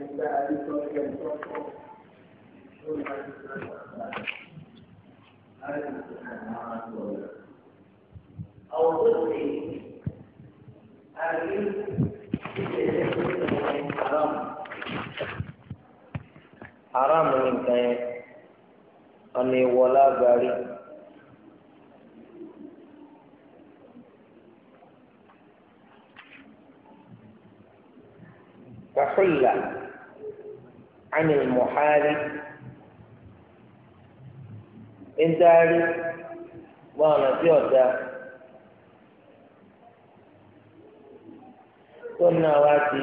أو ضد haram ni nǹkan yẹn ọ̀nà ìwọ lágbàárí. kàfúlà. عن المحارب ń darí wá ọ̀nà tí ọ̀dà tó náà wá di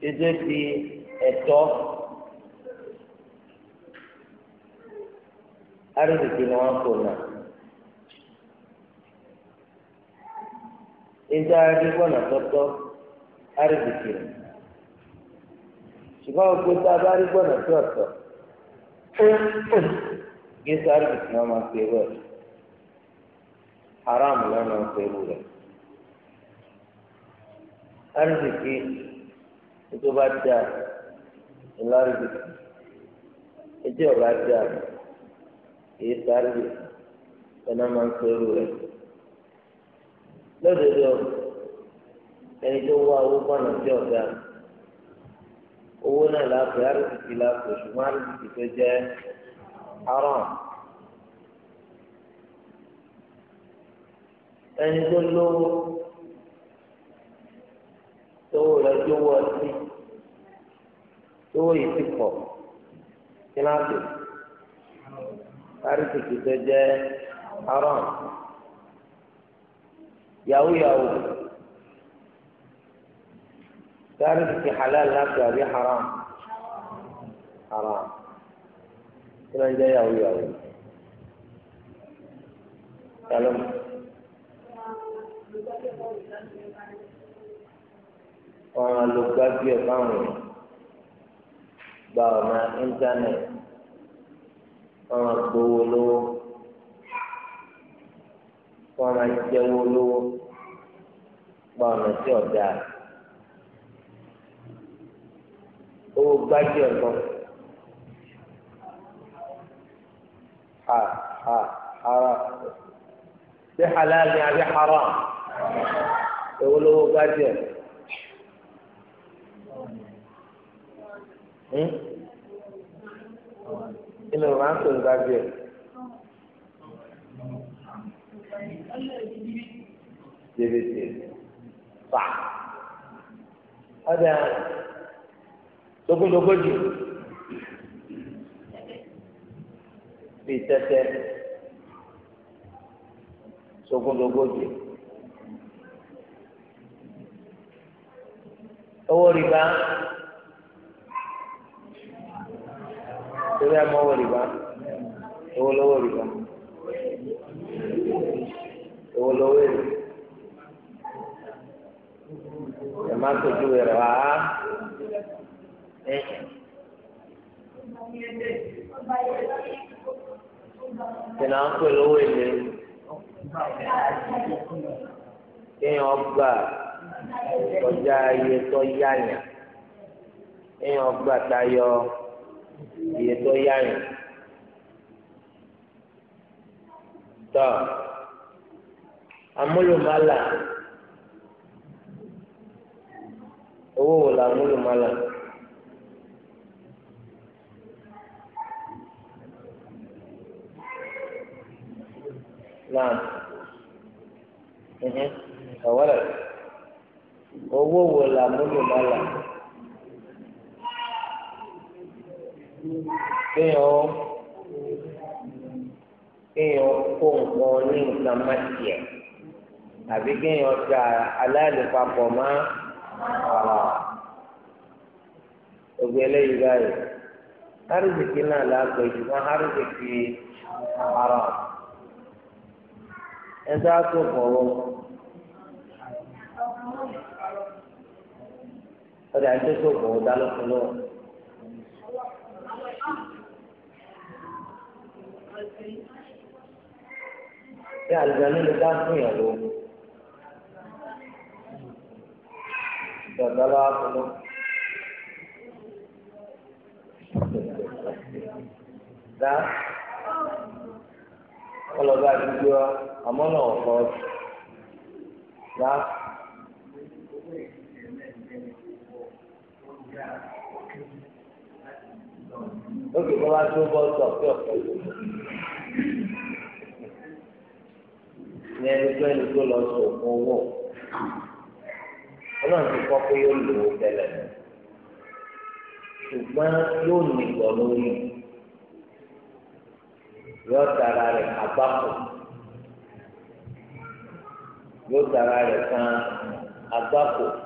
títí di na arìnrìnkì ni wọ́n ṣùgbọ́n gbogbo tá a bá rí gbọ́dọ̀ tó ọ̀tọ̀ gẹ́sà rìbìtì náà máa fi ewé rẹ̀ haram náà máa ewu rẹ̀ arìbìtì tó bá dáa ńlá rìbìtì ẹjẹ ọba dáa èyí sáré ẹná máa fi ewu rẹ̀ lọ́dọ̀dọ̀ ẹni owó náà láàpẹ arìsìkì láàpẹ ṣùgbọ́n arìsìkì fẹ́ jẹ́ haram. ẹni tó lówó tówó rẹ̀ jówó ọtí tówó yìí ti pọ̀ kíláàsì arìsìkì fẹ́ jẹ́ haram. yàwó yàwó. تعرف في حلال لا في حرام حرام كنا جاي أو يأوي سلام وما لقاك يا قومي باو ما إنترنت وما بولو وما جولو باو ما سيوداك owó gbájú ẹ̀gbọ́n ha ha hara ṣé halal ni àbí haram owó lówó gbájú ẹ̀ inú wa ń pè ní gbájú ẹ̀. Dèbètè fà. Ọ̀dà. lógúndógójì bíi tẹ́tẹ́ sógúndógójì owó rìbá torí àmọ́ owó rìbá owó lówó rìbá owó lówó rìbá ẹ̀ má tójú rẹ̀ wá tẹ̀lé à ń pè lówó èlé kéèyàn gbà kọjá iye tó yáyàn kéèyàn gbà tayọ iye tó yáyàn tọ amúlùmálà owó wò la owó wo là múlò lọ́la kéèyàn kéèyàn kó nǹkan ní nǹkan má tiẹ̀ àbí kéèyàn ta aláàlú papọ̀ má ọ̀rọ̀ gbogbo eléyìí báyìí arizikì náà làákò ìṣùgbọ́n arizikì haram ẹ̀dá tó bọ̀ wọ́n. ọdẹ àti tó kò ó dá lọ́kùn lọ́wọ́. ṣé àlùjáde lè dá fún ìyàwó? ìjọba lọ́wọ́ fún lọ. dá ọlọ́ba àdúgbò àmọ́ náà kọ́ dá. ó kì í bá tó bọ́ sọ pé ọ̀pọ̀ ní ẹni tó ẹni tó lọ sọ fún owó ọlọ́run ti kọ́ pé yóò lò ó tẹ́lẹ̀ ṣùgbọ́n yóò lórí yóò tara rẹ̀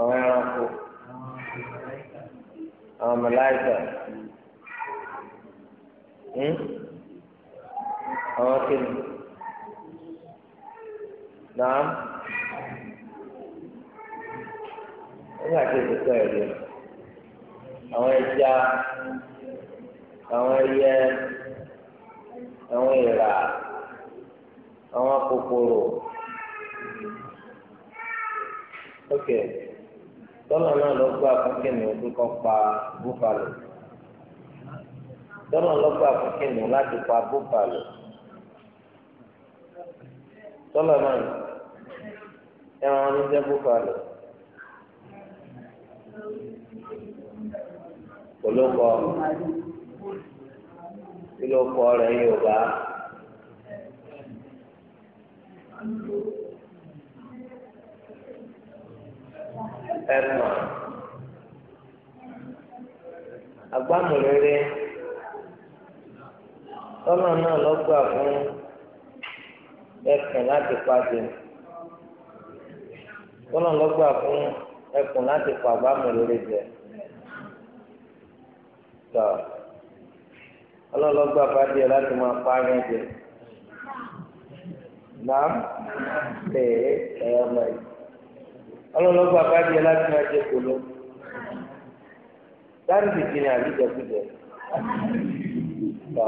àwọn ẹranko àwọn mẹláìkà hmm? àwọn kìnnì náà nígbà tí èsì kọ ẹ̀rí àwọn ẹja àwọn ẹyẹ àwọn ìrà àwọn kòkòrò ok tọ́lọ̀ náà lọ gbà fún kìnìún pé kọ́ pa búfalò tọ́lọ̀ lọ gbà fún kìnìún láti pa búfalò tọ́lọ̀ náà ẹran ní búfalò kò ló kọ́ yóò bá. ẹ̀mà agbámúrere tọ́lọ̀ náà lọ́gbà fún ẹkùn láti pàdé tọ́lọ̀ lọ́gbà fún ẹkùn láti pa agbámúrere jẹ tọ́ ọlọ́lọ́gbà pàdé láti máa pa ẹ̀yìn jẹ ọlọ́lọ́gbà bá di ẹ láti máa jẹ kolo dárí bìtì ni àbí jẹkújẹ tọ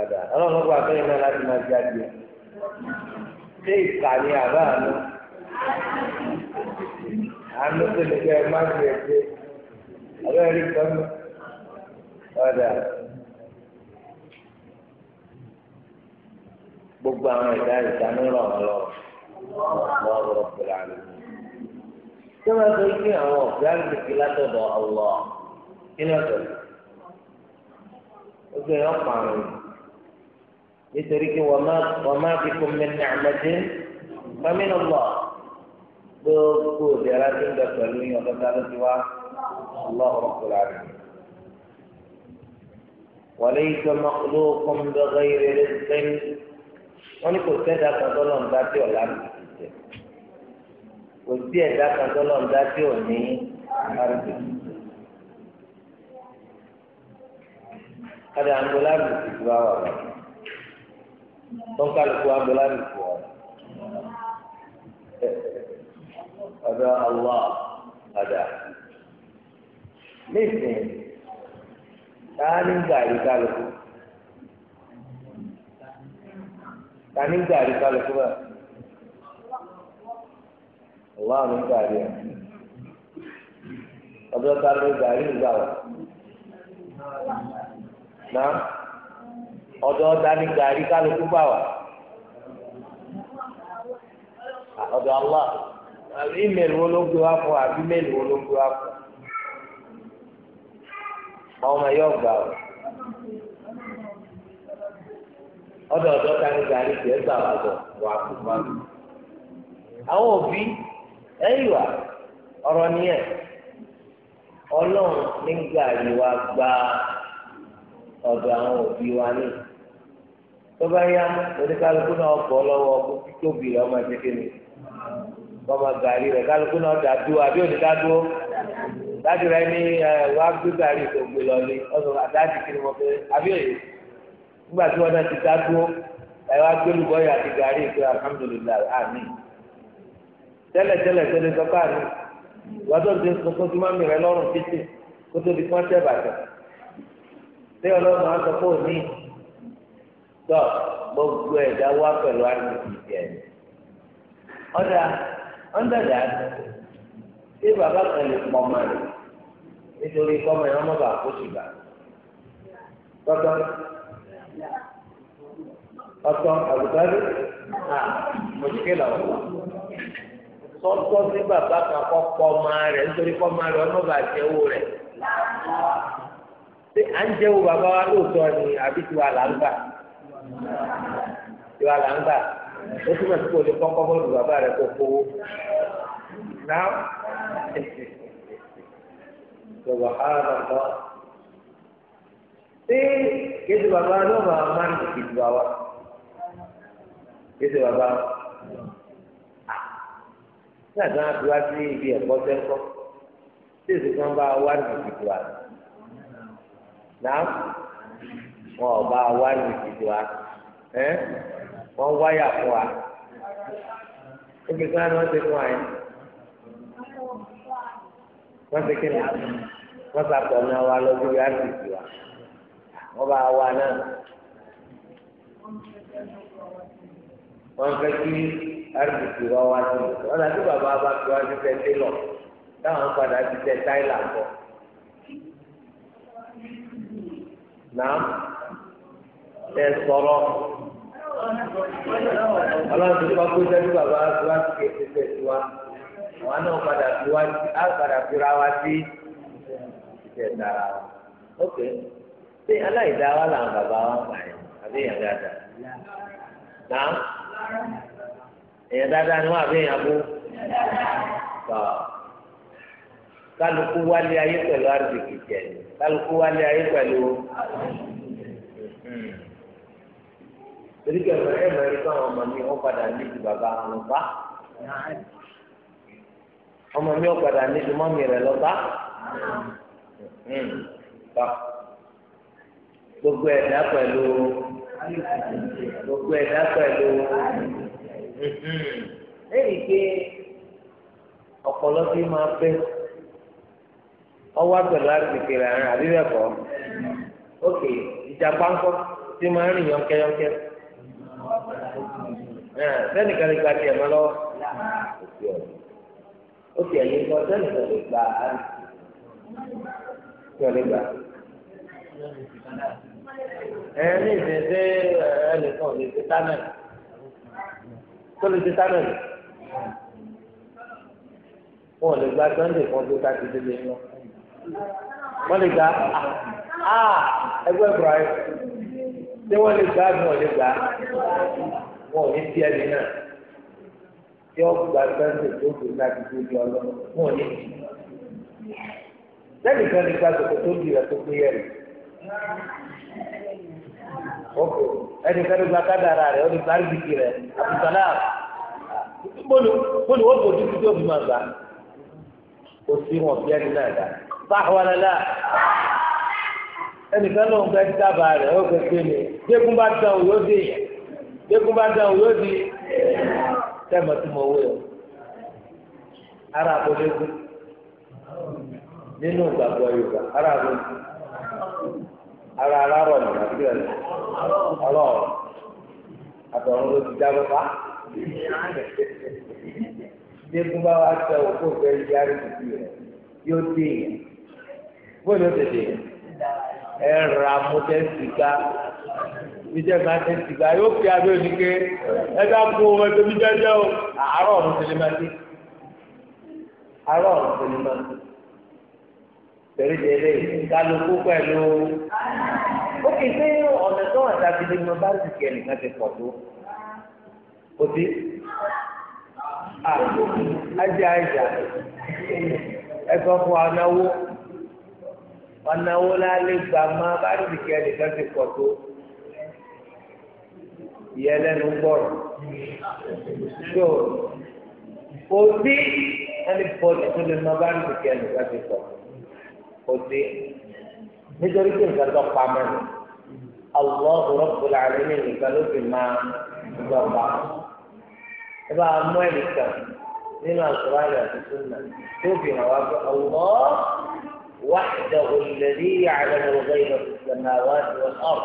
àdá ọlọ́lọ́gbà bẹ́ẹ̀ náà láti máa jẹ adìẹ ṣé ìkà ni àbá àná àánú tó lè jẹ má fi ẹgbẹ ọlọ́ọ̀rí kan ọ̀dà. gbogbo àwọn ẹ̀dá ìdáná ràn wọ́n lọ́wọ́. الله رب العالمين كما تقول àwọn ọ̀gá ìgbèkè látọ̀dọ̀ ọlọ́ kí ló dé ojú ẹ̀yọ́ pààrọ̀ nítorí kí wọ́n máa fi kún mi ní àmọ́dé pàmí ní ọlọ́ gbogbo ìdára tó ń bẹ pẹ̀lú yín ọ̀dọ́ ta ló ti wá ọlọ́ ọ̀rọ̀kọ̀ láàrin. وليس مخلوق بغير رزق ونكو سيدا كذلك ذاتي ولا رزق àrùsẹ̀ kò sí ẹ̀dá kan tó lọ́n dá sí òní àrùsẹ̀. Adé àgbélárù ti fi wá wà wá. Tó ń kálukú àgbélárù ti wà. Ọ̀dọ̀ Allah padà. Nísìnyí, táà ní gàrí kálukú. Táà ní kálukú báyìí. ọwọ́ àrùn gari ẹ̀ ọdún ta gari gàrí ìgbà Na náà ọdún gari ní gàrí kálukú Allah àbí ímeèlì wo ló gbé wá fún àbí ímeèlì wo ló ẹ̀yìnwá ọ̀rọ̀ nìyẹn ọlọ́run nígbà gba àwọn òbí wa ní tó bá yá oníkálukú náà bọ́ lọ́wọ́ ọkú títóbi ọmọ ẹ̀jẹ̀ kéde bọ́mọ gàrí rẹ̀ kálukú náà dàdúró àbí onídàdúró dájú rẹ̀ ní wàá gbé gàrí àbí òye nígbà tí wọn náà ti wá gbé àti gàrí alhamdulilayi tẹ́lẹ̀tẹ́lẹ̀ tó lè sọ́kà rí ìwádìí ọ̀dọ́ ìsọ̀kọ́ tí máa ń mìíràn títì kó tó di pọ́ńtẹ́ bàtà tí ọlọ́run á sọ pé òní tọ́ gbogbo ẹ̀dá wá pẹ̀lú àdìsí ìjẹ́ ọ̀dà ọ̀ndàdà tí bàbá kan lè pọ̀ mọ́ rẹ̀ nítorí kọ́mọ yẹn ọmọ bàá kó ṣùgbà tọ́tọ́ ọ̀tọ̀ àgùntàn rí à mọ̀ṣíkè làwọn tọ́tọ́ sí bàbá kan kọ́ pọ̀ ọmọ rẹ̀ nítorí kọ́ ọmọ rẹ̀ ọmọ bàá jẹ́ owó rẹ̀. ṣé à ń jẹ́ owó bàbá wa lóòótọ́ ni àbí tiwa là ń gbà? tiwa là ń gbà ó túmọ̀ sí kò lè kọ́kọ́ bọ́ọ̀lù bàbá rẹ̀ kó kówó. náà ṣọ̀bọ̀ á bàbá ṣé kéde bàbá náà máa máa ń tètè ju kéde bàbá nígbà tí wọn fi wá sí ibi ẹ̀kọ́ sẹkọ tí èsì kan bá wá ní ìdìbò àná náà wọn ò bá wá ní ìdìbò àná ẹ wọn wáyà fún wa ibi kan ni wọn ti fún wa yẹn wọn ti kí ni wọn sàtọ náà wá lọ́jọ́ yá sí ìdìbò àná wọn bá wá náà wọn fẹ́ kí àrùbùkù wa wá sí ọ̀nà tí bàbá bá fi wá sí tẹ́tẹ́ lọ táwọn padà ti tẹ táìlà bọ̀. Nàá tẹ sọ̀rọ̀ ọlọ́run ti kọ́ pé sẹ́ni bàbá fi wá sí kéde tẹ̀sí wa àwọn náà padà fi wá sí á padà fi ra wá sí ìtẹ̀dá wa. Ok ṣé aláìdá làwọn bàbá wa ń àbí yàrá dáadáa? Nàá èèyàn dáadáa ni wọn àbí èèyàn bú tọ kálukú wálé ayé pẹ̀lú àdìgì jẹ kálukú wálé ayé pẹ̀lú hmm. torí kẹfẹ ẹ mẹ́rin káwọn ọmọ mi wọn padà ní ju bàbá wọn ọmọ mi wọn padà ní ju mọ́mí rẹ lọ hmm. gbogbo ẹ̀dá pẹ̀lú gbogbo ẹ̀dá pẹ̀lú lẹ́yìn pé ọ̀pọ̀lọ́ bí máa bẹ́ ọwọ́ àgbẹ̀ láti kiri àárín àbíbẹ̀ kọ́ òkè ìjàpá ńkọ́ tí máa rìn yọ̀ǹkẹ́yọ̀ǹkẹ́ sẹ́nìkan lè gba tiẹ̀ mọ́ lọ́wọ́ ó ti ẹ̀yìn lọ sẹ́nìkan lè gba àárín tí wọ́n lè gbà ẹ̀ ní ìsinsìnyí ẹnìkan lè fi tánà tó lè ti sáná rẹ̀ wọn ò lè gba sunday kan tó káàkiri délé lọ wọn lè gba a ah, ah, ẹgbẹ́ ibrahim ṣé wọ́n lè gba àbí wọ́n lè gba wọn ò ní tí ẹni náà tí wọ́n gba sunday tó tó káàkiri délé ọlọ́ wọn ò ní tí lẹ́yìn kan lè gba sọ̀kò tó di rẹ̀ tó gbé yẹ̀rì. òkè ẹni kẹ́ni gba kádàrà rẹ̀ ọdún sáríkìkì rẹ̀ àbùsàlá bọ́lù bọ́lù wọ́n bò títí tó máa gbà kò wọn bí ẹni náà dá fáwọlẹ́lá ẹni kẹ́ni ló ń dábàá rẹ̀ ó fẹ́ mi bá dán bá dán tí mo wé o ara nínú ìgbàgbọ́ Yorùbá ara ara alárọ̀ ní àbíkẹ́ rẹ̀ ọlọ́run àtọ̀run ló ti jábọ́ pa. Dégún bá wa sọ òkú òfé yára títí rẹ̀ yóò dé yẹn. Bóyá ló tètè yẹn. Ẹ ra mọ́tẹ́ sìgá. Ìjẹ́ máa tẹ sìgá yóò fi abẹ́ oníke. Ẹ bá kú ohun ẹgbẹ́ mi jẹ́jẹ́ o. Àárọ̀ ọ̀run ti máa dé. Àárọ̀ ọ̀run ti máa dé torí de lè kálukú pẹ̀lú ó kì í pé ọ̀nà tó wà tábìlì mo bá sì kẹ́ nìkan ti pọ̀ tó kò sí àjà àjà ẹ̀sọ́ fún anáwó anáwó lálẹ́ gbà má bá sì kẹ́ nìkan ti pọ̀ tó ìyẹn lẹ́nu gbọ́rọ̀ tó kò sí ẹni pọ̀ tó lè má bá sì kẹ́ nìkan ti pọ̀ tó. قلتي نجري كل جرد قامن الله رب العالمين قالوا في ما جرد إبا مالك من القرآن والسنة توفي نواب الله وحده الذي يعلم الغيب في السماوات والأرض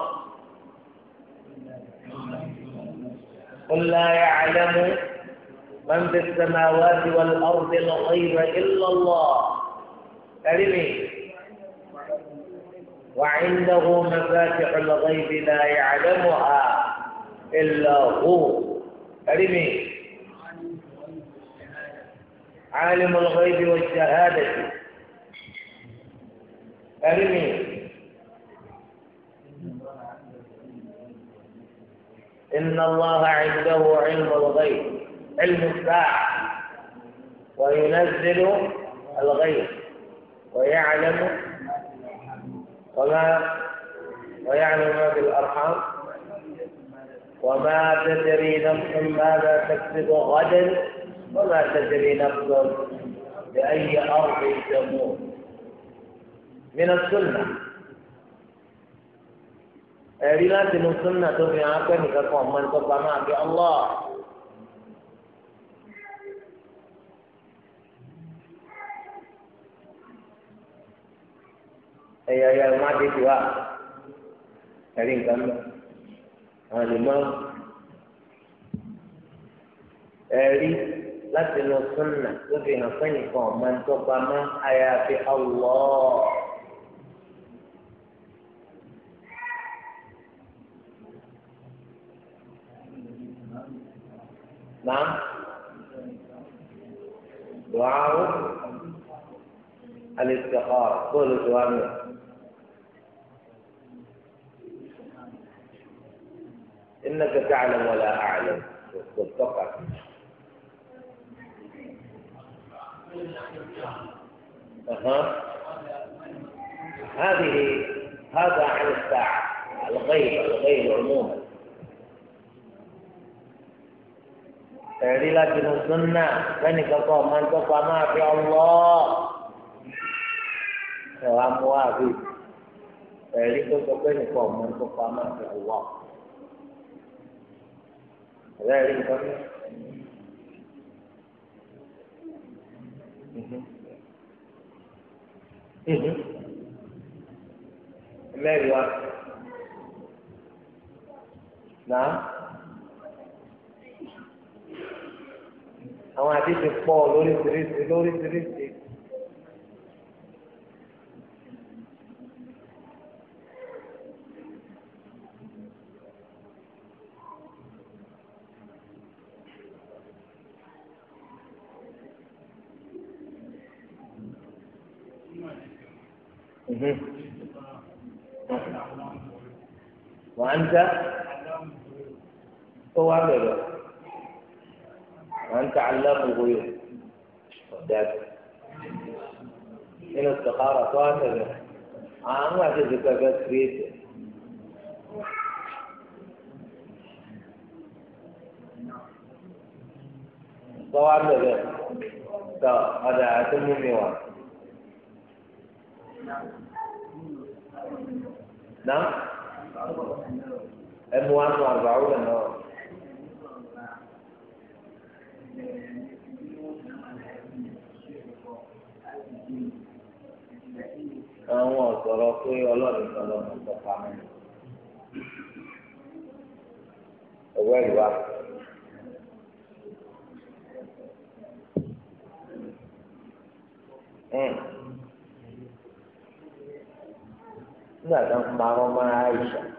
قل لا يعلم من في السماوات والأرض الغيب إلا الله كلمه وعنده مفاتح الغيب لا يعلمها إلا هو كلمة عالم الغيب والشهادة كلمة إن الله عنده علم الغيب علم الساعة وينزل الغيب ويعلم وما ويعلم ما في الأرحام وما تدري نفس ماذا تكسب غدا وما تدري نفس بأي أرض تموت من السنة ẹ̀rí láti nu súnà tó fi hàn pé معك الله ẹ̀yà ẹ̀yà wọn adé ti wá ẹ̀rí nǹkan mọ́ àwọn àlùmọ́ ẹ̀rí láti lọ sọ́nà tó fi hàn pé nìkan ọ̀ma ń tọ́pa mọ́ àyàfi ọ̀wọ́. Nah, doa al-istikhar, boleh doa إنك تعلم ولا أعلم وصدقك أها هذه هذا عن الساعة الغيب الغيب عموما تعالي لكن السنة فنك الله من تقى ما في الله سلام وافي تعالي تقى فنك من تقى ما في الله ẹ̀rẹ́ rí nǹkan mi. mẹ́rin wa náà àwọn àti ti pọ̀ lóríṣiríṣi lóríṣiríṣi. وأنت هو هكذا وأنت علام الغيوب وداد إلى استخارة وهكذا أنا ما أعتقد كذا كريت صواب هذا هذا أتم ميوان نعم ẹnu wa nù àgbàwò lẹ́nu ọ̀. àwọn ọ̀sọ̀rọ̀ pé ọlọ́run sọ̀rọ̀ ní ìjọba mi. ọwọ́ hmm. nígbà tó ń parọ́ máa ń ṣàkóso.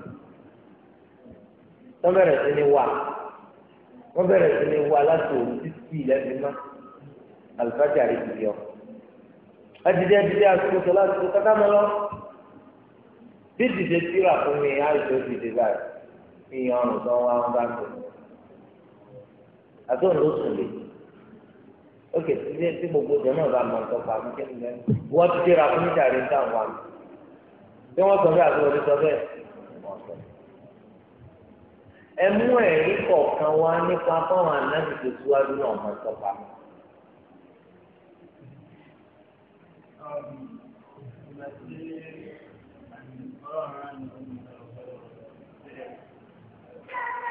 wọ́n bẹ̀rẹ̀ sí ni wà wọ́n bẹ̀rẹ̀ sí ni wà láti òru títí ìlẹ́sìn náà àlùfáàjà rẹ̀ ti yọ. adìdí adìdí àtúntò láti tó kátà mọ́ lọ. bí dìde síra fún mi àìsàn dìde báyìí fi hàn ọ̀rùn tán wá wọn bá tó. àtúntò ló sùn lè. ó kè sí ilé tí gbogbo ìjọ náà bá mọ ọ̀tọ̀ pa mí kí ni lẹ́nu. wọ́n ti dira fún ìjà rẹ̀ sáwọn wa. bí wọ́n sọ bẹ́ẹ̀ àti wọ́n ti sọ bẹ́ẹ̀ ẹ mú ẹ̀rí kọ̀ọ̀kan wá nípa báwọn anábì tó síwájú náà máa tọ́pa.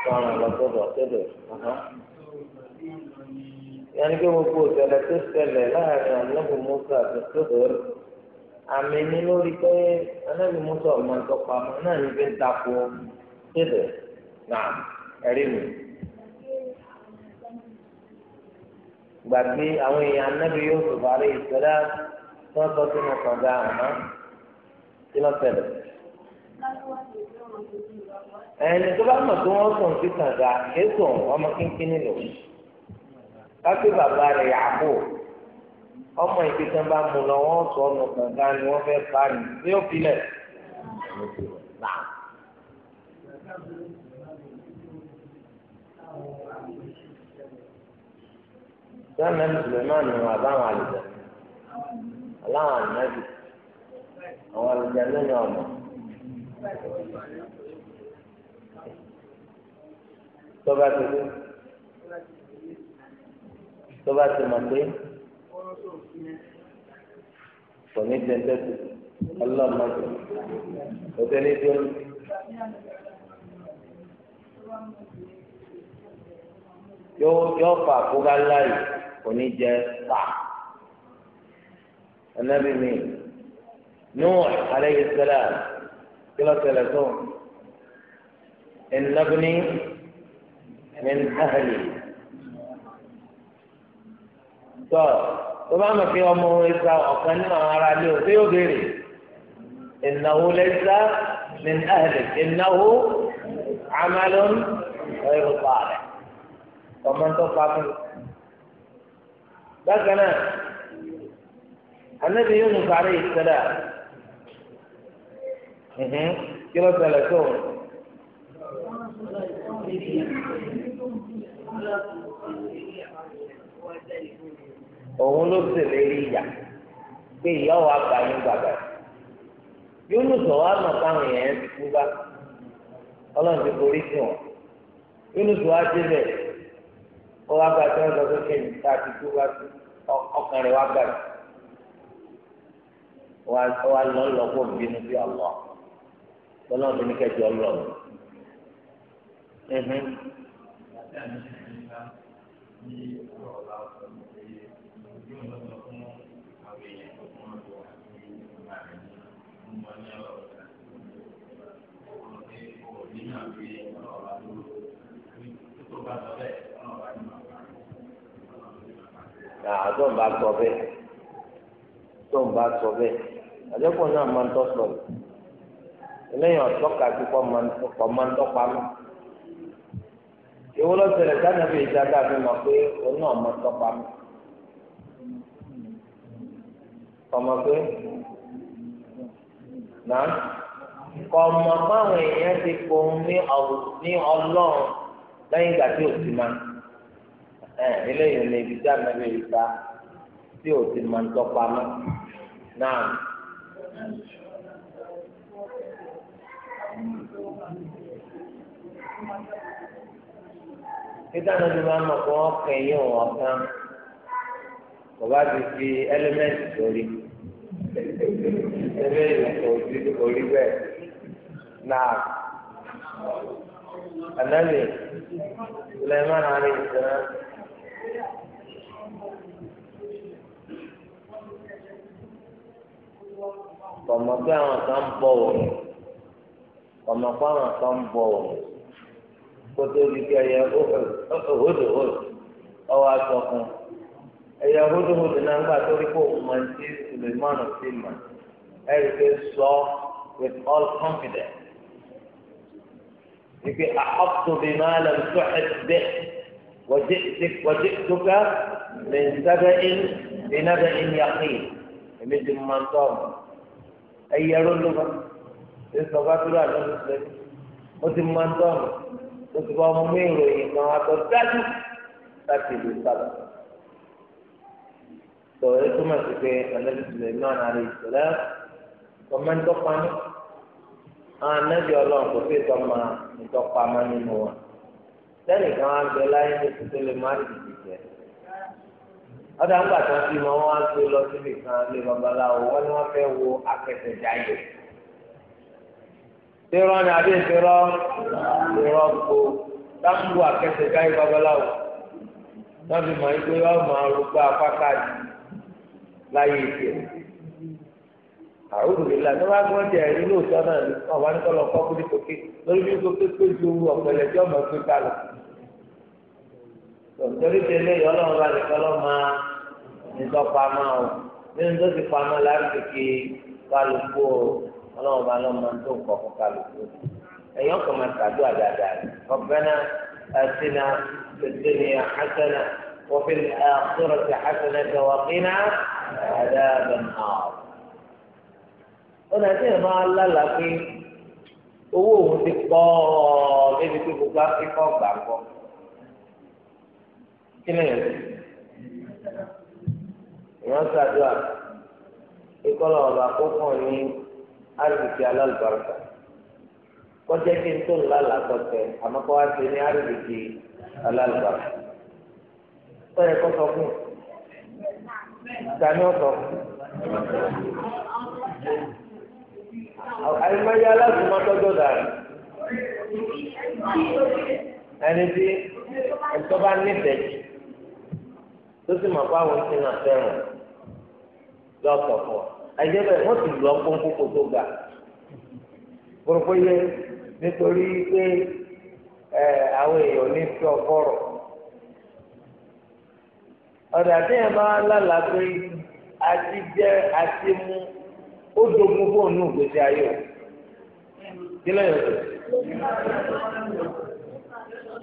Sọ̀rọ̀ lọ́sọ̀dọ̀ sọ́dọ̀ yẹn kí gbogbo ìṣẹ̀lẹ̀ tó ṣẹlẹ̀ láàrin anábì Musa àti sọ́dọ̀ àmì ní lórí pé anábì Musa ọ̀mọ̀ tọ́pa náà ní fi ń takò náà ẹ̀rí mi. gbà pé àwọn èèyàn anábì yóò sọ fàárẹ ìṣẹ̀lẹ̀ tí wọn sọ sínú kànga àná tí wọn tẹ́lẹ̀. ẹni tó bá mọ̀ tó wọ́n sùn sí kànga èso ọmọ kínkínní lò kápé bàbá rẹ̀ yàgò ọmọ ìgbé tán bá mú lọ wọ́n sọ ọ̀nà kànga ni wọ́n fẹ́ pa ni yóò filẹ̀. sọ́nà Suleiman nù àbáwọn àlùjá aláwọn ànábì àwọn àlùjá nínú ọ̀nà. tọ́ba ti dé tọ́ba ti mọ̀ pé kò ní tẹ́tẹ́ tó ọlọ́mọdé òtẹ́ ní tó ní. yóò fà kó bá láyè. òní jẹ sá ẹnẹbi mi nuh aleyhi salam kila tẹlẹ tó ẹnabini min ahali tọ tó bá mọ̀ fi ọmọ ẹ̀ka ọ̀kan nínú àwọn ará ilé òfin yóò béèrè ìnáwó lẹ́sà min ahali ẹnáwó amalon ọ̀yọ́ bàrẹ̀ ọmọ tó pa fún mi. bákan náà anabi Yunus alayhi salam kí ló ṣẹlẹ̀ tó òun ló ṣèlérí ìyá pé ìyá wa gbà yín gbàgbà Yunus sọ wá mọ̀ káwọn èèyàn ti kú bá ọlọ́run ti forí sí wọn Yunus wá débẹ̀ ó wá gba tí wọ́n sọ pé kẹ́yìn tá a ti tó wá sí ọkàn rẹ̀ wá gbà sí wá lọ lọ́pọ̀ bínú sí ọ̀lọ́ lọ́nà tó ní kẹjọ lọ. Thank you. Ah, àtọ́ ń bá sọ bẹ́ẹ̀ tó ń bá sọ bẹ́ẹ̀ àdékùn náà máa ń tọ́ sọ̀rọ̀ eléyìí ọ̀tọ́ka tí kò máa ń tọ́pa mọ́ ìwúlọ́ ṣẹlẹ̀ sáà fi ìjà dàbí mọ̀ pé òun náà máa ń tọ́pa mọ́ ọmọ pé náà kọ̀ọ̀mọ̀ fáwọn èèyàn ti pòun ní ọlọ́run lẹ́yìn ìgbà tí ò sí máa. eléyìí ni ibi tí anabi yìí ta tí o ti máa ń tọpa mọ náà. títà náà ti máa mọ̀ pé wọ́n kẹ̀yìn òun ọ̀kan kò bá ti fi sórí orí bẹ́ẹ̀ kọmọ pé àwọn kan ń bọ òní kọmọ pé àwọn kan ń bọ òní kó tó di pé ẹyẹ hódòhódò ọwọ́ aṣọ kan ẹyẹ hódòhódò náà ń gbà torí kó mọ ti sùlẹmánù sí mà ẹyẹ sọ with all confidence wípé وجئتك وجئتك من سبأ بنبأ يقين مثل من صام أي يرد ìsọ̀gbà tó rà lọ́dún sẹ́yìn ó ti máa ń dọ́rùn ó ti bá ọmọ mi ìròyìn kan àtọ̀ dájú láti ìlú sábà. sọ̀rọ̀ yìí túmọ̀ sí pé ànábì Sulaiman àrẹ ìṣẹ̀lẹ̀ kọ́mẹ́ńtọ́pamọ́ ànábì ọlọ́run kò sí nínú wọn. sẹ́nì kan wá ń bẹ láyé ní títí lè má rí ìdíje ọ̀dà ńgbà tó ń fi mọ́ wọn á gbé lọ síbi kan lé babaláwo ni wọ́n fẹ́ wo tẹ́rọ ni àbí tẹ́rọ tẹ́rọ gbó babaláwo wọ́n fi mọ̀ àwùjọ ìlà ní wàá gbọ́n jẹ ẹ̀rí lóòótọ́ náà ni ọ̀wá ní kọ́ lọ kọ́ kúrú kókè lórí bí kókè pé ju ọ̀pẹ̀lẹ̀ tí ọmọ gbé bá lọ. torí ti eléyìí ọlọ́run bá lè kọ́lọ́ máa nìjọ pamọ́ o nínú tó ti pamọ́ láti ké kálukú o ọlọ́run bá lọ́ máa tó nǹkan fún kálukú. ẹ̀yọ́ kan máa tàdó àdáadáa rẹ̀ ọ̀gbẹ́nà àtinà tẹ̀síníà àtẹnà wọ́n fi àkúrọ̀tì àtẹnà tẹ̀wọ́ ọ̀nà tí ẹ̀ máa lálàá pé owó òun ti pọ̀ débi pé gbogbo akẹ́kọ̀ọ́ gbà kọ́ kí ni ẹ̀sìn èèyàn ṣàdúrà ìkọlọ̀ ọ̀bà kókò ní àrùbìkì alálùbáràkà kọjá kí n tó ń lálàá kọtẹ àmọ́ kọ́ wá sí ní àrùbìkì alálùbáràkà sọ̀rọ̀ ẹ̀kọ́ sọ fún un ìgbà ní àìmọye aláṣùmọ́ tọ́jọ́ dàrú ẹni tí ẹ̀tọ́ bá nífẹ̀ẹ́ jù tó sì mọ̀ fáwọn tí náà fẹ́ràn lọ́sọ̀ fún ọ àìjẹ́ bẹ́ẹ̀ wọ́n ti lù ọ́ pọ́npọ́n tó ga kórópó yẹ nítorí pé àwọn èèyàn ní fi ọgọ́rọ̀ ọ̀dà tí yẹn bá ń lálàá pé àti jẹ́ àti mú ó dogun fóònù nù gbèsè ayé o kí lóye o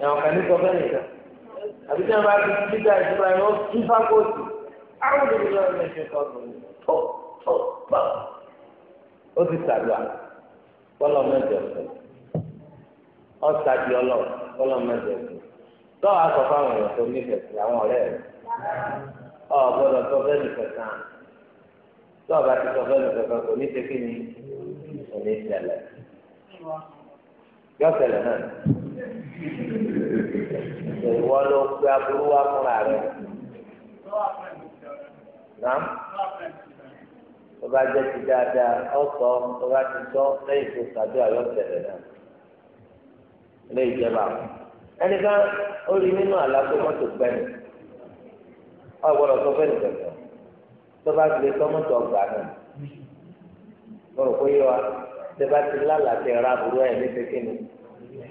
ẹ̀wọ̀n kan ní sọfẹ́ nìkan àbí tí wọ́n bá ti títà ìṣúra yẹn ó tún fákòtì àwọn òbí lọ́wọ́ ní ẹ̀ṣẹ̀ kọ́ọ̀tù ní tó tó tó ó ti sàdúrà bọ́lọ̀ mẹ́jọ sọ ọ́ sàdí ọlọ́ bọ́lọ̀ mẹ́jọ sọ tọ́ àkọ́kọ́ àwọn èèyàn tó nífẹ̀ẹ́ sí àwọn ọ̀rẹ́ rẹ̀ ọ̀ gbọ́dọ̀ sọ nìkan sáà tó ọba ti sọ fẹ́ẹ́ lọ kankan kò ní ṣe kí ni kò ní ṣẹlẹ̀ yọ ṣẹlẹ̀ náà ìwọ ló pe aburú wa fúnra rẹ̀ nàám ọba jẹ ti dáadáa ọsọ ọba ti sọ lẹ́yìn tó sàdó àyọ ṣẹlẹ̀ náà lẹ́yìn ìjẹba ẹnìkan ó rí nínú àlá mọ́tò gbẹmí ọ gbọ́dọ̀ sọ fẹ́ẹ́ nìkan tọ́ba ti lè tọ́mọ̀tò ọgbà náà lọ́rọ̀ pé yọ tẹ́bá ti lálàtẹ̀ ra àbúrò ẹ̀ ní pékinni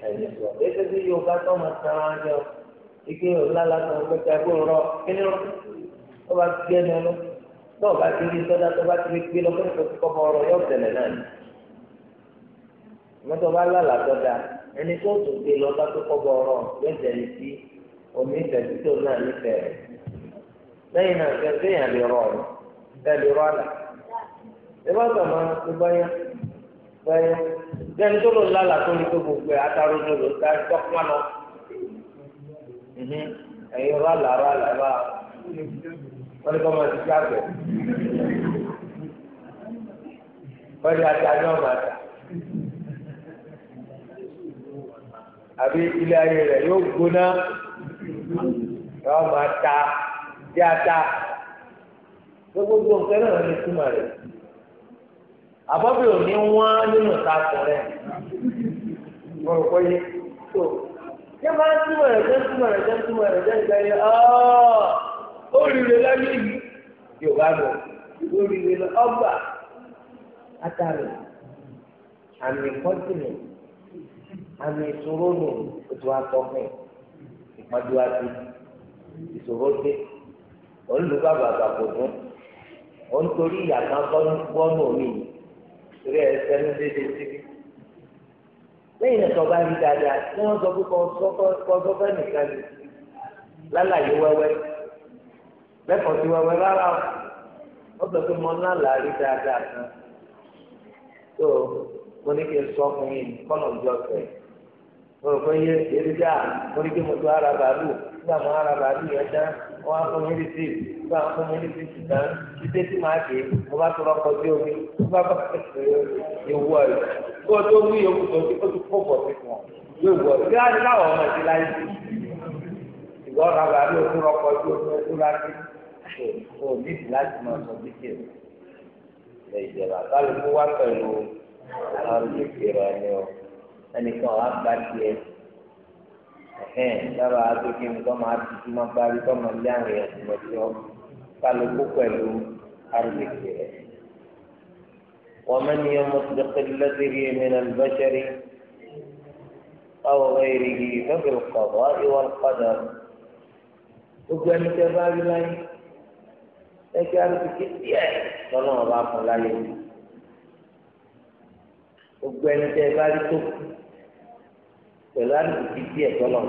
ẹ̀yìn sọ ètò tí yorùbá tọ́mọ̀ sára jọ ike lálàtọ̀ pẹ̀tẹ̀ gbòòrọ̀ kíní rọ tọ́ba ti gbé ẹnu lọ tọ́ba ti rí sọ́dá tọ́ba ti rí gbé lọ pé kò ti kọ́ bọ ọrọ̀ yóò tẹ̀lẹ̀ náà ni mọ́tò bá lálàtọ̀ da ẹni tó tún gbé lọ bá tó kọ́ bọ ọrọ̀ yóò tẹ̀lẹ̀ sí omi ìtẹ̀síntò náà nífẹ̀ẹ́ lẹ́yìn náà kẹ́kẹ́ yẹn lè rọrùn ẹ̀lì rọ́ọ̀là ìbá sọ̀mọ́ ní báyà báyà bí ẹni tó lò lálà tó ní tó gbogbo ẹ̀ atarodo lò ká tọ́kùnmá lọ ẹ̀yìn rọ́ọ̀là rọ́ọ̀là bá wọ́n ní kọ́ máa ti jágbẹ̀ wọ́n ní ati ajọ́ máa tà àbí ilé ayé rẹ̀ yóò gbóná yóò máa ta bí ata gbogbo nǹkan náà ní túmọ̀ rẹ̀ àbọ̀bí ò ní wọ́n nínú ìtakùn rẹ̀ mo rò pé tó ṣé máa ń túmọ̀ rẹ̀ jẹ́ túmọ̀ rẹ̀ jẹ́ túmọ̀ rẹ̀ jẹ́ ìgbà yẹn ó rire láyé yìí yorùbá lọ ó rire lọ ọgbà átàrí àmì kọ́tìmù àmì ìṣòro nù ètò àtọ́fẹ́ ìpàdé wa ìṣòro dé olùdókòwò àgbàgbọ̀ dún ó ń torí ìyá kan bọ́nú omi yìí torí ẹsẹ̀ ń dédé síbi. lẹ́yìn náà tọ́ba rí dáadáa tí wọ́n sọ pé kọ́ sọ́fẹ́ nìkan ni lálàyé wẹ́wẹ́ lẹ́kọ̀ọ́ sí wẹ́wẹ́ rárá o wọ́n sọ pé mo ná làárí dáadáa kan tó mo ní kí n sọ fún yín kọ́nà ìjọ sẹ́yìn mo rò pé yé eré dáa mo ní kí mo tó ara bàálù nígbà mo ara bàálù yẹn dáa wọ́n á fún mi létí wọ́n á fún mi létí ṣùgbọ́n títí tí màá dé mo bá tó lọ́kọ̀ sí omi mo bá bá pèsè ewu ọ̀rẹ́ kó o tó wí ewu tó ti kó o ti kó bọ̀ sí fún ọ yóò wọ̀ ọ́ bí wọ́n á ní káwọn ọmọ ti láyé sí ṣùgbọ́n rárá ló tó lọ́kọ̀ sí omi ó láti kó o ní láti máa sọ bí kí ẹ ìjọba kálukú wá pẹ̀lú àwọn olùkèrè ẹni ọ ẹnìkan ẹ̀hẹ́n dábàá akékin tó máa tutù máa parí tó máa lé àwọn èèyàn tó lọ kálukú pẹ̀lú àrùlẹ̀kẹ̀ rẹ̀. wọ́n mẹ́ ní ọmọ tó dẹ́kẹ́ lẹ́sẹ̀rì ẹ̀mẹ́nà lọ́sẹ̀rì ọ̀rọ̀ èrìgì fẹ́fẹ́ kọ̀ọ̀bọ̀ ìwọ̀n padà. gbogbo ẹni tẹ́ bá rí láyé ẹgbẹ́ arúgbìkì díẹ̀ lọ́nà ọba fún láyé gbogbo ẹni tẹ́ bá rí tó kù pẹ̀lú àrùbùkí díẹ̀ tọ́lọ̀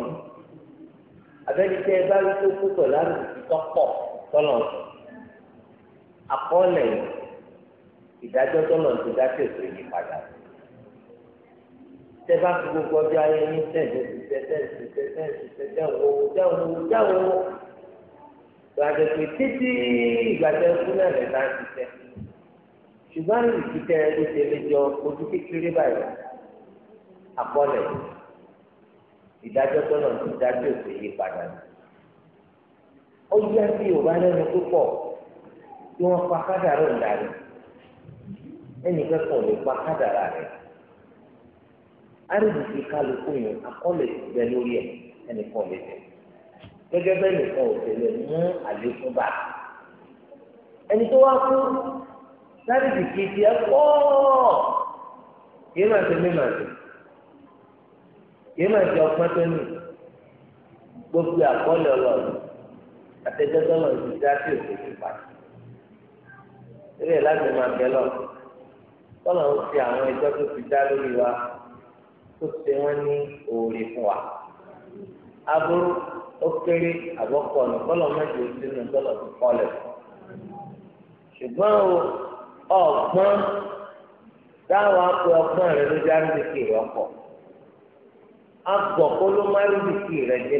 abẹ́nitẹ́ ẹ bá rí tó kú pẹ̀lú àrùbùkí tọ́pọ̀ tọ́lọ̀ akọ́lẹ̀ ìdájọ́ tọ́lọ̀ ti dá tẹ̀sọ̀ yìí padà tẹ bá fi gbogbo ọjọ́ ayé ní tẹ̀sí tẹ̀sí tẹ̀sí tẹ̀sí wo jáwó jáwó gbàgbé títí ìgbà tẹ kú náà lẹ bá ti tẹ ṣùgbọ́n àrùbùkí tẹ ẹ ìdájọ́ tó náà ti dájọ́ òsè yí padà ní. ó yá sí yorùbá lẹ́nu púpọ̀ tí wọ́n pa kádàrá ńlá rẹ̀ ẹnì kẹ́kọ̀ọ́ lè pa kádàrá rẹ̀ arìbìsí kálukú yẹn akọ́lẹ̀ bẹ lórí ẹ̀ ẹnì kan lè tẹ̀ gẹ́gẹ́ bẹ́ẹ̀ nìkan ò tẹ̀lé mú àlékún bá ẹni tó wá kú sáré bìkì tiẹ̀ pọ̀ kí ẹ máa ṣe mí màá kìí máa jẹ ọpọ́n tó nù gbogbo àkọọ́lẹ̀ ọlọ́run àtẹjọ́tọ́ lọ sí dáàbì òkèèkè pàtó eré láti máa bẹ lọ tọ́lọ̀ ń fi àwọn ẹjọ́ tó ti dá lórí wa tó ṣe wọ́n ní òòrè fún wa aburú ó kéré àbọ̀kọ̀ ní tọ́lọ̀ mẹ́jọ sínú tọ́lọ̀ tó kọ́lẹ̀ ṣùgbọ́n o ọ̀gbọ́n táwọn akọ ọgbọ́n rẹ ló dá lórí kiri ọkọ̀ agbọ kóló má rìbìtì rẹ jẹ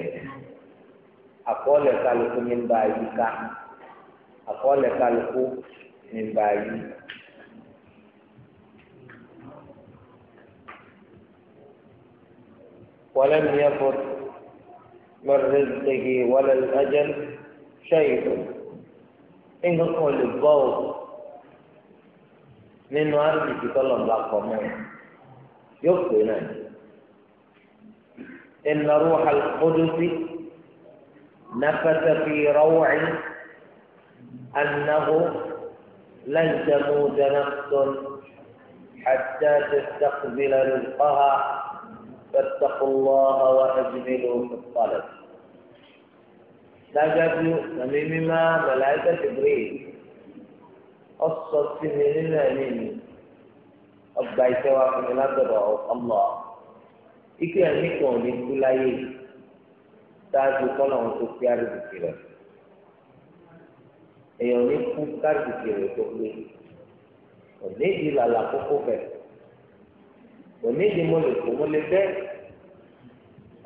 àkọọlẹ kálukú ní bá yí ká àkọọlẹ kálukú ní bá yí. ولم يفر من رزقه ولا الأجل شيء إن قول الضوء من أرضك تلم لا قمر يبقى نعم إن روح القدس نفث في روعي أنه لن تموت نفس حتى تستقبل رزقها فاتقوا الله وأجملوا في الطلب dájú àmì mímá màláìkà tìbírì ọsọ sí mi nínú ẹ̀mí mi الله ike ẹni kan ò ní kú láyé ṣáájú kọ́nà wọn tó fi àrùbùkì rẹ̀ èèyàn ní kú kárùbùkì rẹ̀ tó gbé òní di làlà kókó bẹ̀ òní di mọ̀lẹ́kọ̀ mọ̀lẹ́bẹ́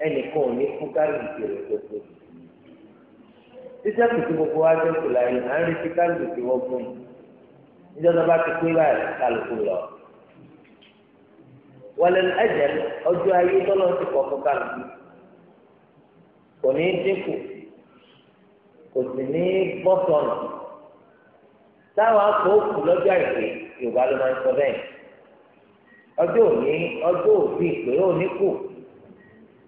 ẹnì kan ò ní kú kárùbùkì rẹ̀ tó gbé títí àkùtù gbogbo wa jẹ́ kù láyé à ń retí kárùbùkì wọ́n gbé níjọ́ tó bá ti pé báyìí kálukú lọ wọlé ẹ̀jẹ̀ ọjọ́ ayé tọ́lọ́ ti kọ̀ fún kálukú kò ní dínkù kò sì ní bọ́sọ̀nù táwọn akóòkù lọ́jọ́ àìpé yorùbá ló máa ń sọ bẹ́ẹ̀ ọjọ́ òní ọjọ́ òbí ìpè òní kù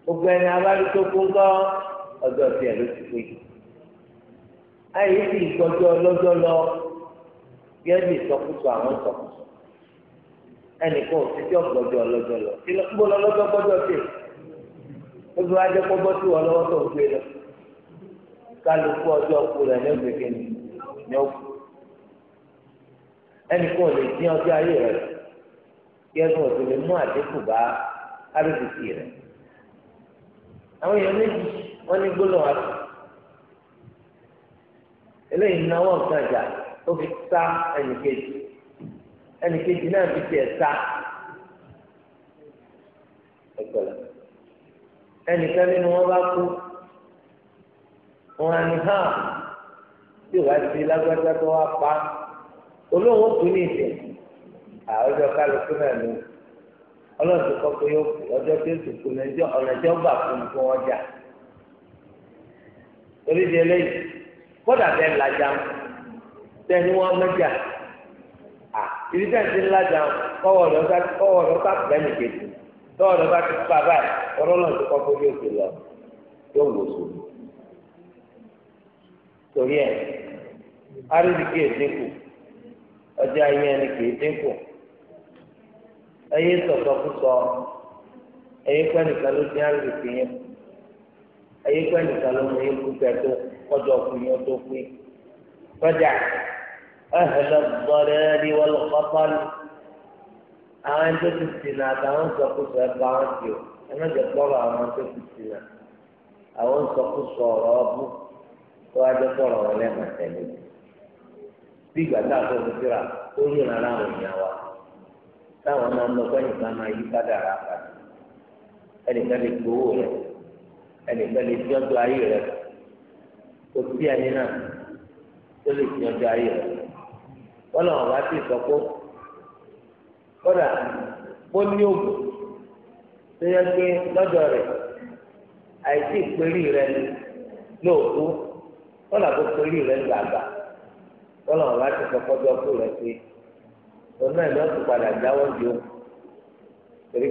gbogbo ẹni abájú tó kú ńkọ́ ọjọ́ tiẹ̀ ló ti pé ayé sì gbọ́jọ́ lọ́jọ́ lọ bí ẹ ìsọkúsọ àwọn ìsọkúsọ ẹnìkan ò sí tí ọgbọdọ ọlọjọ lọ tí gbọ lọlọjọ gbọdọ tè ebi wa jẹ kọgbọ tí wọn lọ́wọ́ tó ń gbé lọ kálukú ọjọ́ kú rẹ ní ọgbẹ kẹni ní ọkù ẹnìkan ò lè dín ọjọ́ ayé rẹ kí ẹgbẹ́ òtún lè mú àdínkù bá arìbìkì rẹ àwọn èèyàn méjì wọn ní gbólọ wà tó eléyìí náwó nǹkan ìjà ó fi ta ẹnìkejì ẹnì kejì náà fi tiẹ̀ sa ẹgbẹ̀rẹ̀ ẹnìkan nínú wọn bá kú wọn á ní hàn tí ìwà ti lágbájá tó wá pa olóhùn kú ní ìfẹ́ àwọjọ kálukú náà ni ọlọ́run ti kọ́ pé yóò kú ọjọ́ tí ó sì kú lẹ́jọ́ ọ̀nà tí gbà fún un fún wọn jà torí di eléyìí kódà bẹ́ẹ̀ lajà tẹ́ni wọn mẹ́jà. à ibi tẹ̀ ń ti ńlá jà kọ́wọ́ lọ́sà kọ́wọ́ lọ́sà bẹ́ẹ̀ni kejì tọ́wọ́ lọ́sà ti fún bàbá yìí ọlọ́lọ́ ti kọ́ fún yóò ti lọ yóò wò sùn. torí ẹ ọjà ayé ẹni kì í dínkù ẹyẹ ẹyẹ pẹ́ẹ́nìkan ló dín ẹyẹ pẹ́ẹ́nìkan أهل الضلال والخطل أنت تستنى أنت قصة أنت أنا جبرا أنت تستنى أو أنت قصة رابو وأجبرا ولا ما تلي بيجا تاخذ بسرعة قولي أنا لا أغني táwọn máa ń lọ pé nìkan máa yí kádàrá padà ẹnìkan lè gbowó rẹ ẹnìkan lè fi ọjọ́ ayé rẹ kò sí ẹni náà tó wọn làwọn bá ti ìsọkó pé kódà ó ní òògùn tó yẹ pé lọ́dọ̀ rẹ̀ àìsí ìpérí rẹ̀ lóòkú kódà kó pérí rẹ̀ gbàgbà wọn kú rẹ̀ pé òun náà wọ́n padà jáwọ́ di òkú torí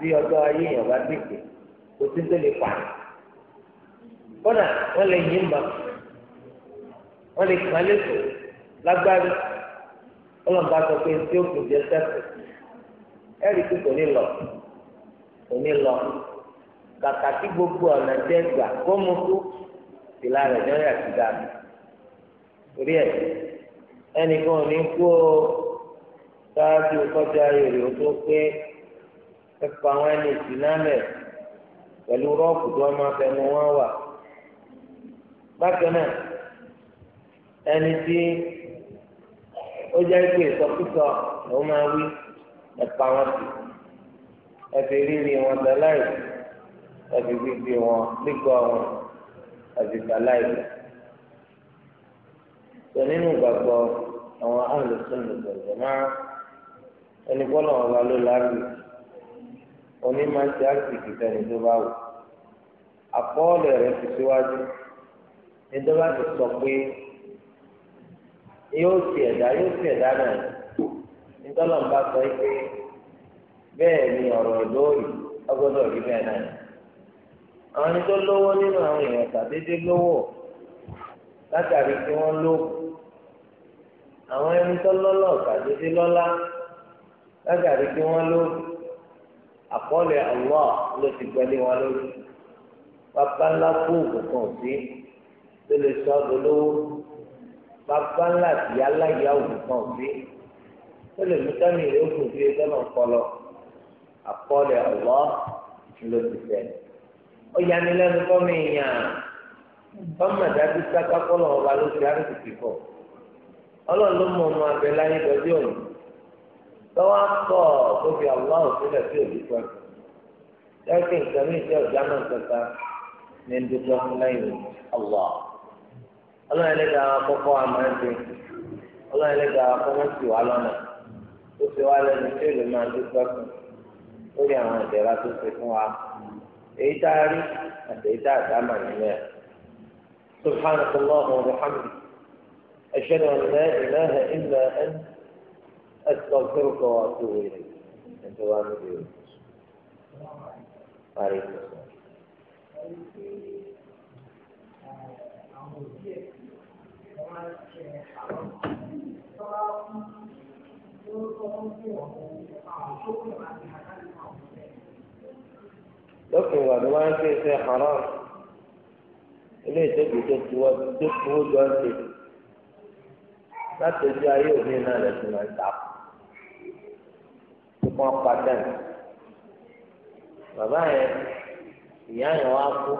tí ọjọ́ ayé yẹn bá dìde lágbárí ọlọ́mọba sọ pé tí ó kù jẹ sẹ́fù ẹ̀rí kí kò ní lọ kò ní lọ kàkà tí gbogbo ọ̀nà jẹ́ gbà kó mu kú ìlà rẹ̀ ní ọ̀yà ti dàbí torí ẹ̀ ẹnìkan ò ní kú o ṣáájú kọjá èrè tó pé ẹ̀fọ́ àwọn ẹni ìsìnámẹ̀ pẹ̀lú rọ́ọ̀kù tó ọmọ afẹnu wọn wà bákan náà ẹni tí ó jẹ́ pé ìsọkúsọ ló máa wí ẹ̀pà wọn sí ẹ̀fẹ̀ rírì wọn dáláì ẹ̀fẹ̀ fífi wọn gbígbọ́ wọn ẹ̀fẹ̀ dáláì tó nínú ìgbàgbọ́ àwọn àlùsùn lùsọ̀rọ̀ máa ẹni bọ́lá wọn bá ló láàbì oní máa ń ṣe àṣìkì tẹni tó bá wù àkọọ́lẹ̀ rẹ̀ ti síwájú ní bá ti sọ pé. yóò ti ẹ̀dá yóò ti ẹ̀dá náà nítorí wọn bá sọ pé bẹ́ẹ̀ ni ọ̀rọ̀ lórí ọgọ́dọ̀ rí bẹ́ẹ̀ náà àwọn ẹni tó lówó nínú àwọn èèyàn tàdédé lówó látàrí kí wọ́n àwọn ẹni tó lọ́lọ́ tàdédé lọ́lá látàrí kí wọ́n Allah ló ti gbẹ́lé wọn lórí ńlá sọ bàbá ńlá àti aláìyá òkùnkàn òbí ó lè mú sẹ́mi ìlú òkùnkàn bíi ẹgbẹ́ náà kọlọ àkọọ́lẹ̀ ọ̀wọ́ ló ti tẹ̀. ó yaní lẹ́nu fọ́mi ìyàn fọ́mà dájú sáká kọ́lọ̀ ọba ló ti arí tìtì kọ̀ ọlọ́run ló mọ ọmọ abẹ láyé dọ́jú òun lọ́wọ́ kọ́ tó fi òsínlẹ̀ sí òbí pọ̀ jẹ́ kí nǹkan mi jẹ́ ọ̀já náà kẹta ní ndúgbọ́n lẹ́yìn àwòrán. ọlọ́run ẹlẹ́dàá wa kọ́kọ́ àmọ́ ẹ̀sìn ọlọ́run ẹlẹ́dàá wa fún lórí àwọn ìdẹ̀ra tó ṣe fún wa èyí tá a rí àti èyí tá a dámà nílẹ̀ سبحانك اللهم ẹ̀ أشهد sọ لا إله إلا أنت أستغفرك ẹ̀ إليك أنت وأنا عليكم السلام lókè wà ló máa ń fi ṣe haram ilé ìtọ́jú tó tuwọ́ tó tuwọ́ jọ ń ṣe láti ojú ayé òní náà lẹ́sìn máa ń ta kó wọ́n pa tẹ́lẹ̀ bàbá yẹn ìyá yẹn wá kú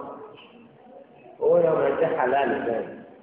owó yẹn máa jẹ́ halal bẹ́ẹ̀.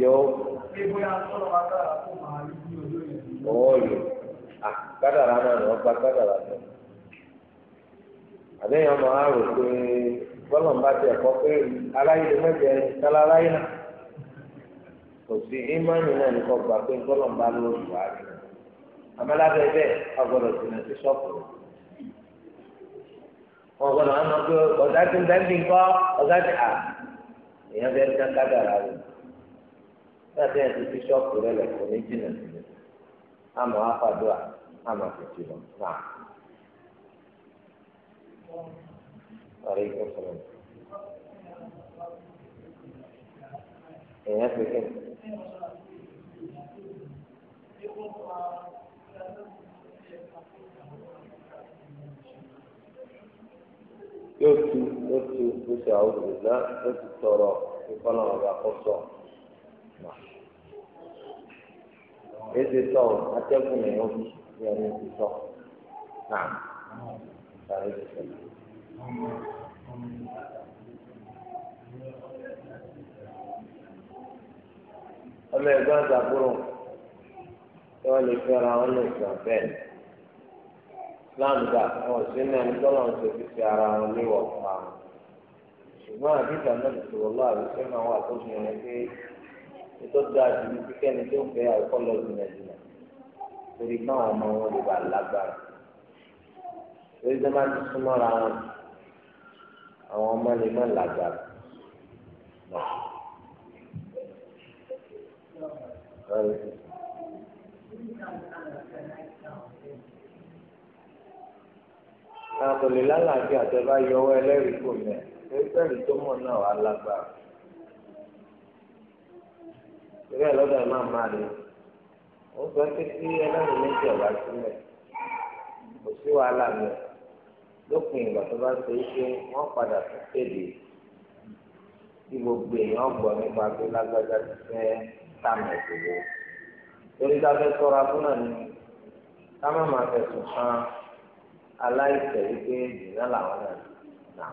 yóò. ọ̀ọ́lù kádàrà náà ni gba náà. àbẹ́yẹn ọmọ àrò pé bọ́lá ń bá pé aláyé ló mẹ́jẹ kálá aláyé náà. kò sí náà ní gbà pé bọ́lá ń bá amálábẹ́ bẹ́ẹ̀ ọgbọ́dọ̀ wọn wọn pé tí ń bí nǹkan tí a láti ẹ̀ ti fi ṣọ́ọ̀kù rẹ lẹ̀kọ́ ní jìnnà sílẹ̀ àmọ́ afàdúrà àmọ́ àtẹ̀tì lọ náà. èèyàn eze sọ ọ atẹ́gùn ní ọ ní ẹni ti sọ náà sáré ti sọ. ọmọ ẹgbẹ́ àgbàgbọ́rò tí wọ́n lè fẹ́ra wọn lè sọ bẹ́ẹ̀ láǹdà wọn sí ní ẹni tó ara wọn níwọ̀ pa wọn. àbíkà náà ti sọ̀rọ̀ lọ́wọ́ àbíkẹ́ wà tó fi hàn pé. ètò dáa jù ní kíkẹ́ni tó ń fẹ́ àìkọ́ lọ jìnnà jìnnà torí káwọn ọmọ wọn lè bá lágbára torí tó máa ti súnmọ́ra wọn àwọn ọmọ lè má lágbára náà. Àwọn kò lè lálàáfíà tẹ bá yọ ọwọ́ ẹlẹ́rìí kò mẹ́. Ẹgbẹ́rún tó náà wà lágbára ìrẹ́ lọ́dọ̀ ẹ̀ máa máa lè ó sọ pé kí ẹlẹ́rìí méjì ọ̀gá sílẹ̀ kò sí wàhálà mi lópin ìgbà tó bá ṣe é pé wọ́n padà tó kéde tí gbogbo èèyàn gbọ́ nípa pé lágbájá ti fẹ́ tàmì ìdòwò torí dáfẹ́ sọ́ra fún náà ni ká má máa fẹ̀sùn kan aláìsẹ̀ wípé ìdìnnà làwọn náà nà.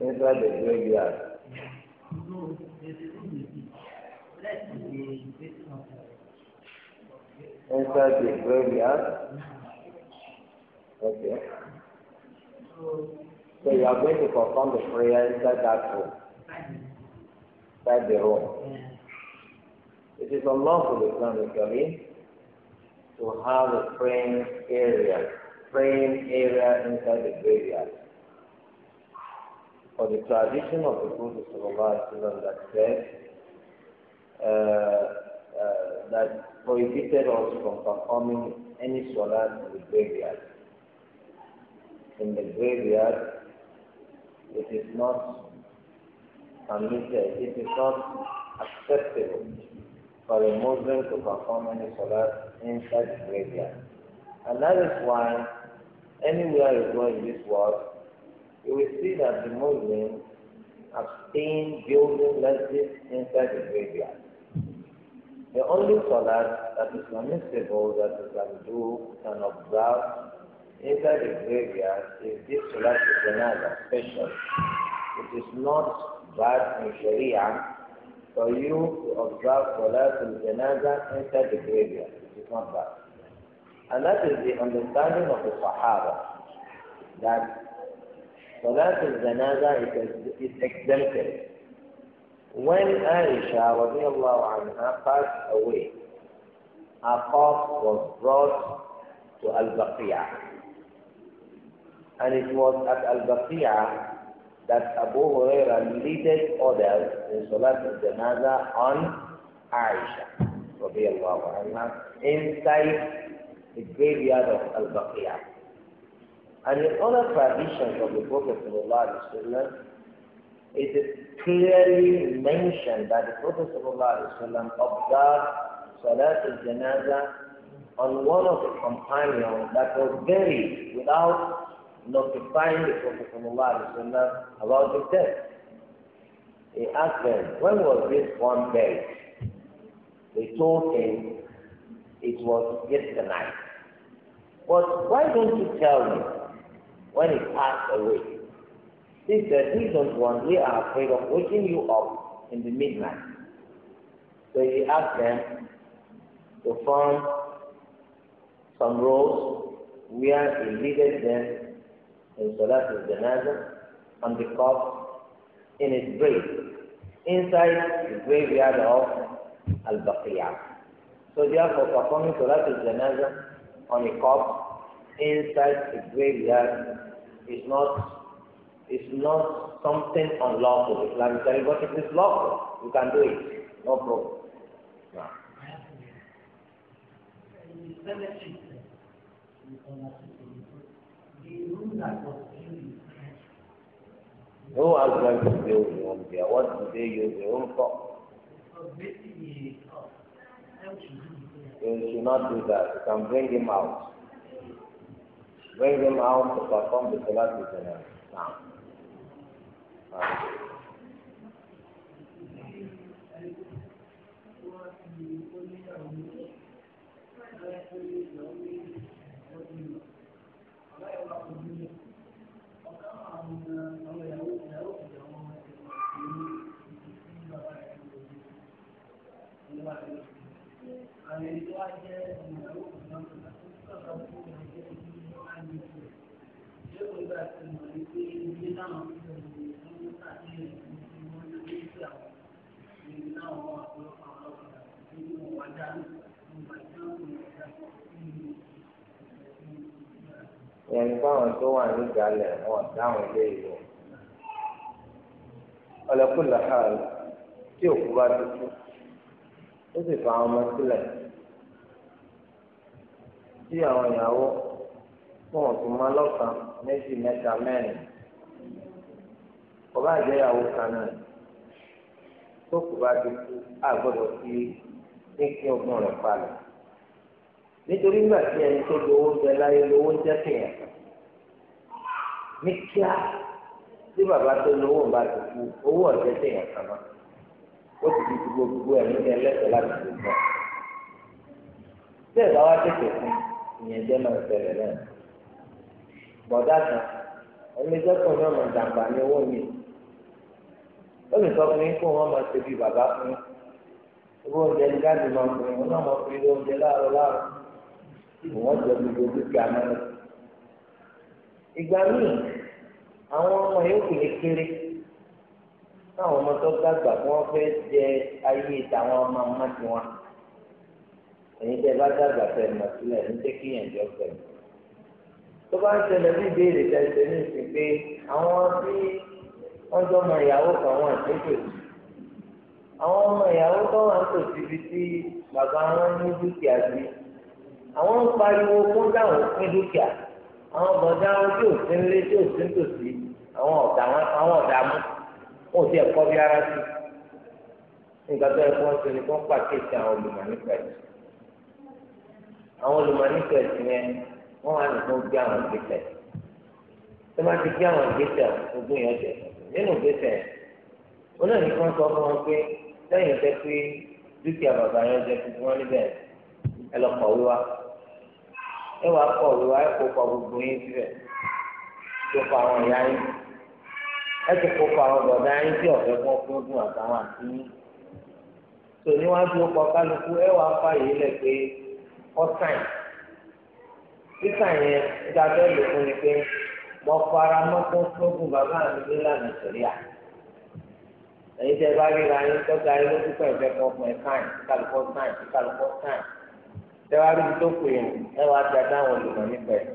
Enter the graveyard. Enter the graveyard. Okay. So you are going to perform the prayer inside that room. Inside the room. It is unlawful Islamically to have a praying area, praying area inside the graveyard for the tradition of the Prophet that said uh, uh, that prohibited us from performing any solar in the graveyard. In the graveyard, it is not permitted, it is not acceptable for a Muslim to perform any solar inside the graveyard. And that is why anywhere you go in this world, you will see that the Muslims abstain building masjid inside the graveyard. The only salat that is permissible that you can do and observe inside the graveyard is this salat janazah special. It is not bad in Sharia for you to observe salat janazah inside the graveyard. It is not bad. And that is the understanding of the Sahaba that so that's janaza is, exempted. When Aisha radiallahu anha passed away, her corpse was brought to Al-Baqiyah. And it was at Al-Baqiyah that Abu Huraira leaded others in Salat al-Janaza on Aisha radiallahu anha inside the graveyard of Al-Baqiyah. And in other traditions of the Prophet ﷺ, it is clearly mentioned that the Prophet ﷺ observed Salat al-Janaza on one of the companions that was buried without notifying the Prophet ﷺ about the death. He asked them, when was this one buried? They told him it was yesterday night. But why don't you tell me when it passed away. This uh, is the reason one we are afraid of waking you up in the midnight. So he asked them to form some roles where he leaded them in Salat al on the corpse in his grave, inside the graveyard of Al-Baqiyah. So therefore performing Salat al on a corpse inside the graveyard is not is not something unlawful. I'm telling you, but it is lawful. You can do it. No problem. Who are going to build the home there? What do they use the home for? You should not do that. You can bring him out. We will out to perform the salat with the Now. Thank you. yẹn fáwọn tó wà nígbàlẹ̀ wọn dáhùn ilé ìlú ọlọ́kùnrin làhàlù tí òkú bá dúdú ó sì fa ọmọ sílẹ̀ tí àwọn ìyàwó fún ọ̀túnmọ́ lọ́kàn méjì mẹ́ta mẹ́rin ọba àjẹyàwó kan náà tó kù bá ti kú àgbọ́dọ̀ sí ní kí ọgbọ́n rẹ̀ palẹ̀ nítorí nígbà tí ẹni tó lo owó jẹ láyé lówó jẹ kéèyàn ní kíá tí bàbá tó lówó ń bá ti kú owó ọ̀jẹ̀ kéèyàn kan náà ó ti di gbogbo gbogbo ẹ̀mí ní ẹlẹ́sẹ̀ láti lè gbọ́ bẹ́ẹ̀ bá wá tètè fún ìyẹn jẹ́ máa ń náà bọ̀dá kan ẹni jẹ́ kàn náà mọ̀ dàgbà ní owó mi ó lè sọ fún yín kó wọn máa ṣe bí bàbá fún yín owó oúnjẹ ní gáàsì máa fún yín wọn náà máa fún yín oúnjẹ láàárọ̀ láàárọ̀ ìwọ́n jẹ gbogbo dúkìá náà ìgbà míì àwọn ọmọ yóò kò lè kéré táwọn ọmọ tó dàgbà kí wọ́n fẹ́ jẹ ayé táwọn ọmọ ọmọ tiwọn ẹ̀yin tẹ́ bá dàgbà fẹ́ mọ̀ sílẹ̀ ní jẹ́ kí ẹ̀jọ́ fẹ́ tó bá ń ṣẹlẹ̀ bí ìbéèrè tẹ̀sẹ̀ ní ìsìn pé àwọn tí wọ́n jọ ọmọ ìyàwó kan wọn àti tòsí àwọn ọmọ ìyàwó kan wọn àti tòsí bíi tí bàbá wọn ní dúkìá sí àwọn ń pariwo fún dáhùn fún dúkìá àwọn bọ̀dá wọn tí ò sí nílé tí ò sí nítòsí àwọn ọ̀dà wọn àwọn ọ̀dà mú wọn ò sí ẹ̀kọ́ bí ara sí nígbà tó yẹ kó wọn ṣe ni kó ń pàkíyèsí àwọn olùmọ̀ nípa ẹ̀sìn àwọn olùmọ̀ nípa ẹ̀sìn yẹn wọ́n wà nìkan gbé àwọn ìgbésẹ̀ nínú ìgbésẹ̀ wọn náà ní kí wọ́n sọ fún wọn pé lẹ́yìn ọ̀sẹ̀ pé dúkìá bàbá yẹn jẹ tuntun wọn ẹ lọ wíwá ẹ wàá wíwá ẹ kó kọ gbogbo yín síbẹ̀ tó kọ àwọn ìyá yín ẹ ti kó kọ àwọn yín tí ọ̀fẹ́ fún ọkùnrin àtàwọn àti yín níwájú mo fara mọ́kún sógun bàbá mi nílànà sẹ̀ríà èyí tẹ bá rí ra yín tọ́ka yín lójú pẹ̀lú ẹ̀fọ́ fún ẹ̀ káìn kálukọ́ káìn kálukọ́ káìn tẹ́wá rí tó pè é ẹ wá da dáhùn olùmọ̀ nípa ẹ̀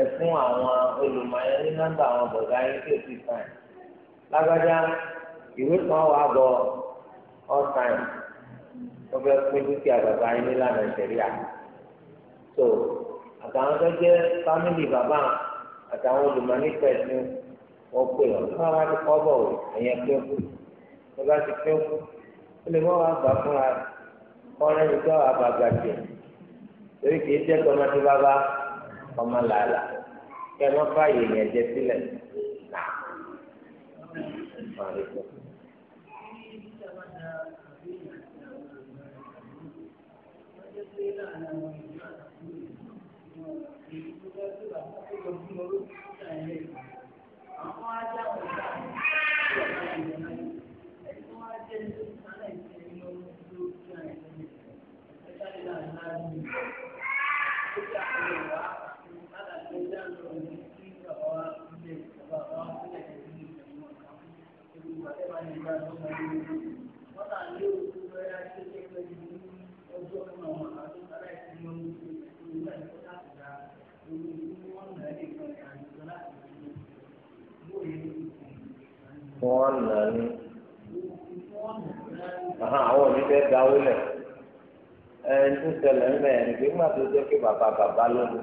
ẹ fún àwọn olùmọ̀ yẹn ní nọ́mbà àwọn bọ̀dá yín tó ti káìn lágbájá ìwé kan wà bọ̀ ọ́ káìn wọ́n fẹ́ pín dúkìá bàbá yín nílànà sẹ̀ríà tó àtàwọn àtàwọn olùmọ̀nìkà ẹ̀sìn wọn pè ọ́ ní wọn bá ti kọ́ bọ̀ ẹ̀yẹn pé kú wọn bá ti pé kú ó lè mọ́ wọn gbà fúnra kọ́rẹ́ ní tó àbàgà jẹ torí kìí jẹ́ tọ́mọ tí bàbá ọmọ làálà kẹ́ ẹ má fààyè yẹn jẹ sílẹ̀ náà. Thank tí wọ́n nà ní àwọn onífẹ́ dáwó lẹ̀ ẹni tó ṣẹlẹ̀ ńlẹ̀ ẹni pé má tó jẹ́ kí bàbá bàbá ló ní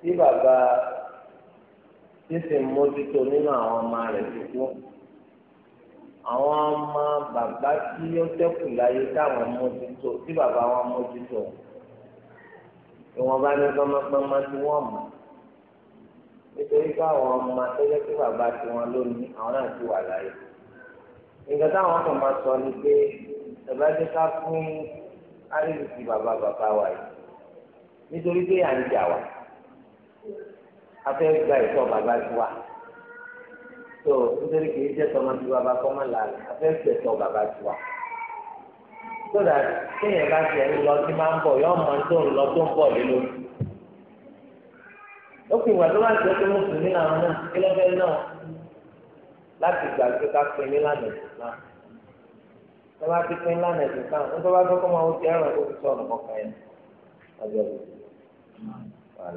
tí bàbá tí sì ń mójútó nínú àwọn ọmọ rẹ̀ ti kú àwọn ọmọ bàbá tí ó ṣẹ́kù láyé táwọn mójútó tí bàbá wọn mójútó ìwọ̀nba ní gbọmọgbọmọ tí wọ́n mọ̀ nítorí káwọn ọmọ tẹ́lẹ̀ tí bàbá tiwọn lónìí àwọn náà ti wà láyé nǹkan táwọn kan máa sọ ni pé ìbájú ká fún àríwísí bàbá bàbá wa yìí nítorí pé à ń jà wá a fẹ́ gba ìtọ́ bàbá tiwa tó nítorí kì í jẹ́ tọmọ tí bàbá kọ́ máa là á fẹ́ gbẹ̀tọ̀ bàbá tiwa tó dà téèyàn bá tiẹ̀ ń lọ sí máa ń bọ̀ yọ ọmọ tó ń lọ tó ń bọ̀ lé lórí ó fi ìwà tó bá jẹ́ pé mùsùlùmí làwọn náà kí ló fẹ́ náà láti gbà pé ká pin ní lànà ìsìlá tó bá ti pin lànà ìsìlá ń tó bá tó kọ́ máa wọ́n ti ẹ̀rọ tó fi sọ ọ̀nà kọ̀ọ̀kan yẹn ọjọ́ ìwà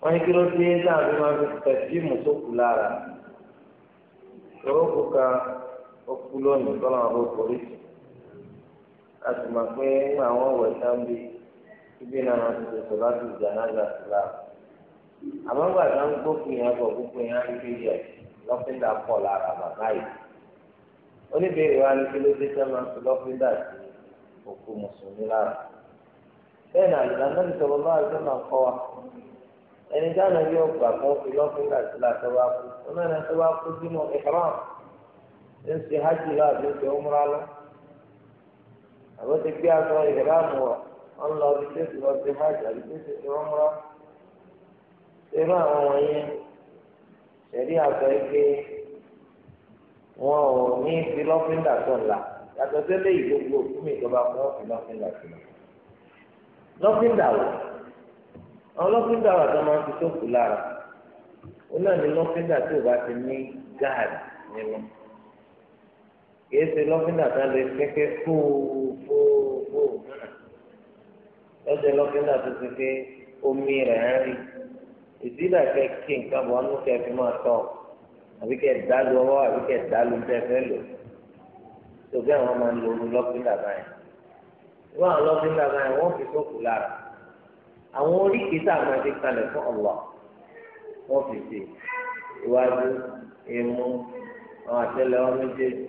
wọ́n ní kí ló dé láàbí máa fi pẹ̀fíìmù tó kù lára torókù kan ó kú lónìí tọ́lá àwọn ọkọ̀ orí láti máa pé àwọn ọ̀wẹ̀ sáńbí. ibi na wọn ti tètè bá ti jànáza sílá àmọ́ gbàgbà ń gbókùn yẹn bọ̀ gbókùn yẹn á ń fi yẹ lọ́fíńdà pọ̀ lára bàbá yìí oníbèrè wa ni kí ló dé lọ́fíńdà sí òkú mùsùlùmí lára bẹ́ẹ̀ náà sọ̀rọ̀ bá kọ́ wa ẹni dáná yóò gbà fi lọ́fíńdà sí tó kú sínú ń wọn lọ bí tẹsí lọ sí hajj àbí tẹsí sí rọmọrọ irú àwọn wọ̀nyẹn ṣẹlí àgbà ike wọn ò ní fi lọ́fíńdà tó ńlá yàtọ̀ sẹlẹ ìgbogbo òkú mi ìjọba fún wọn fi lọ́fíńdà tó ńlá lọ́fíńdà wọ àwọn lọ́fíńdà wà tó máa ń fi tó lára wọn náà ní lọ́fíńdà tó o bá ti ní gáàdì nínú kìí ṣe lọ́fíńdà tó lè kéke fóòfóòfóò náà ẹsẹ̀ lọ́kẹ́lá tó ti pé omi rẹ̀ ń rí ìdílà kẹ kí nǹkan bọ̀ ọ́nú kẹ fi máa tọ̀ àbí kẹ dálu ọwọ́ àbí kẹ dálu tẹ fẹ́ lò tòbí àwọn máa ń lo omi lọ́kẹ́lá báyìí wọ́n àwọn lọ́kẹ́lá báyìí wọ́n fi sókù lára àwọn oríkèé tá a máa fi kalẹ̀ fún ọ̀lọ́ wọ́n fi sí iwájú imú àwọn àtẹ́lẹwọ́ méjèèjì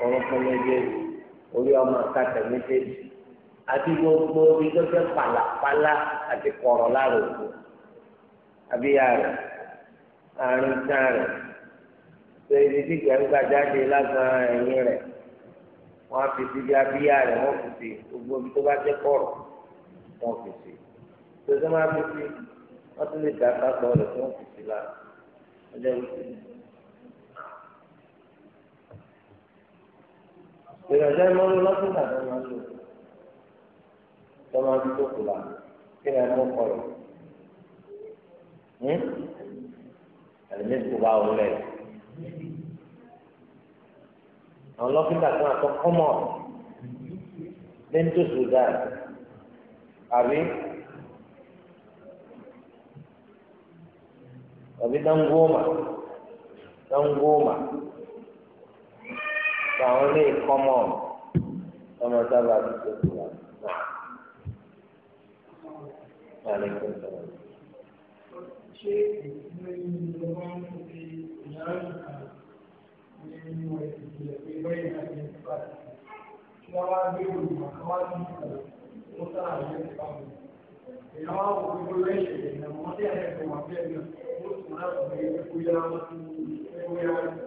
orúnkún méjèèjì orí ọmọ àkàtà méjèèjì àti gbogbo ibi tó fẹ́ pàlàpàlà àti kọ̀rọ̀ lára òkú abíyá rẹ̀ àrùn tán rẹ̀ tó ibi tí gbẹ̀ngbà jáde lásán ẹ̀yìn rẹ̀ wọ́n á fi síbi abíyá rẹ̀ wọ́n fi sí gbogbo ibi tó bá jẹ́ kọ̀rọ̀ wọ́n fi sí tó tó máa fi sí wọ́n tún lè dá sábà rẹ̀ wọ́n fi sí lára ọjọ́ ìṣẹ́yìn. ìrọ̀jẹ́ mọ́lú lọ́sùn tàbí máa ń tọ́mọ bí tó kù la kí ni ẹnu kọ lọ. Hmm? ẹ̀mí kù bá wọn lẹ̀. àwọn lọ́kítà kan àtọ́ kọ́mọ̀ ní ní tó sùn dáa àbí àbí dáńgóòmà dáńgóòmà tàwọn ilé ìkọ́mọ̀ tọmọ sábà tó kù la náà. Alaikum salam. Ṣé ìgbìmọ̀ ìlú wọn ń fi ìyá ìka nínú ìdílé pé bẹ́ẹ̀ náà ní ìgbà tí wọ́n wá gbé olùmọ̀ kan wá sí ìgbà tó sára ìyá ìka mi. Èèyàn wá wò pé bó lẹ́yìn ìṣẹ̀lẹ̀ náà wọ́n dé àyẹ̀ tó wà bẹ́ẹ̀ náà ó sì máa ń fi bóyá ó sì bóyá ó sì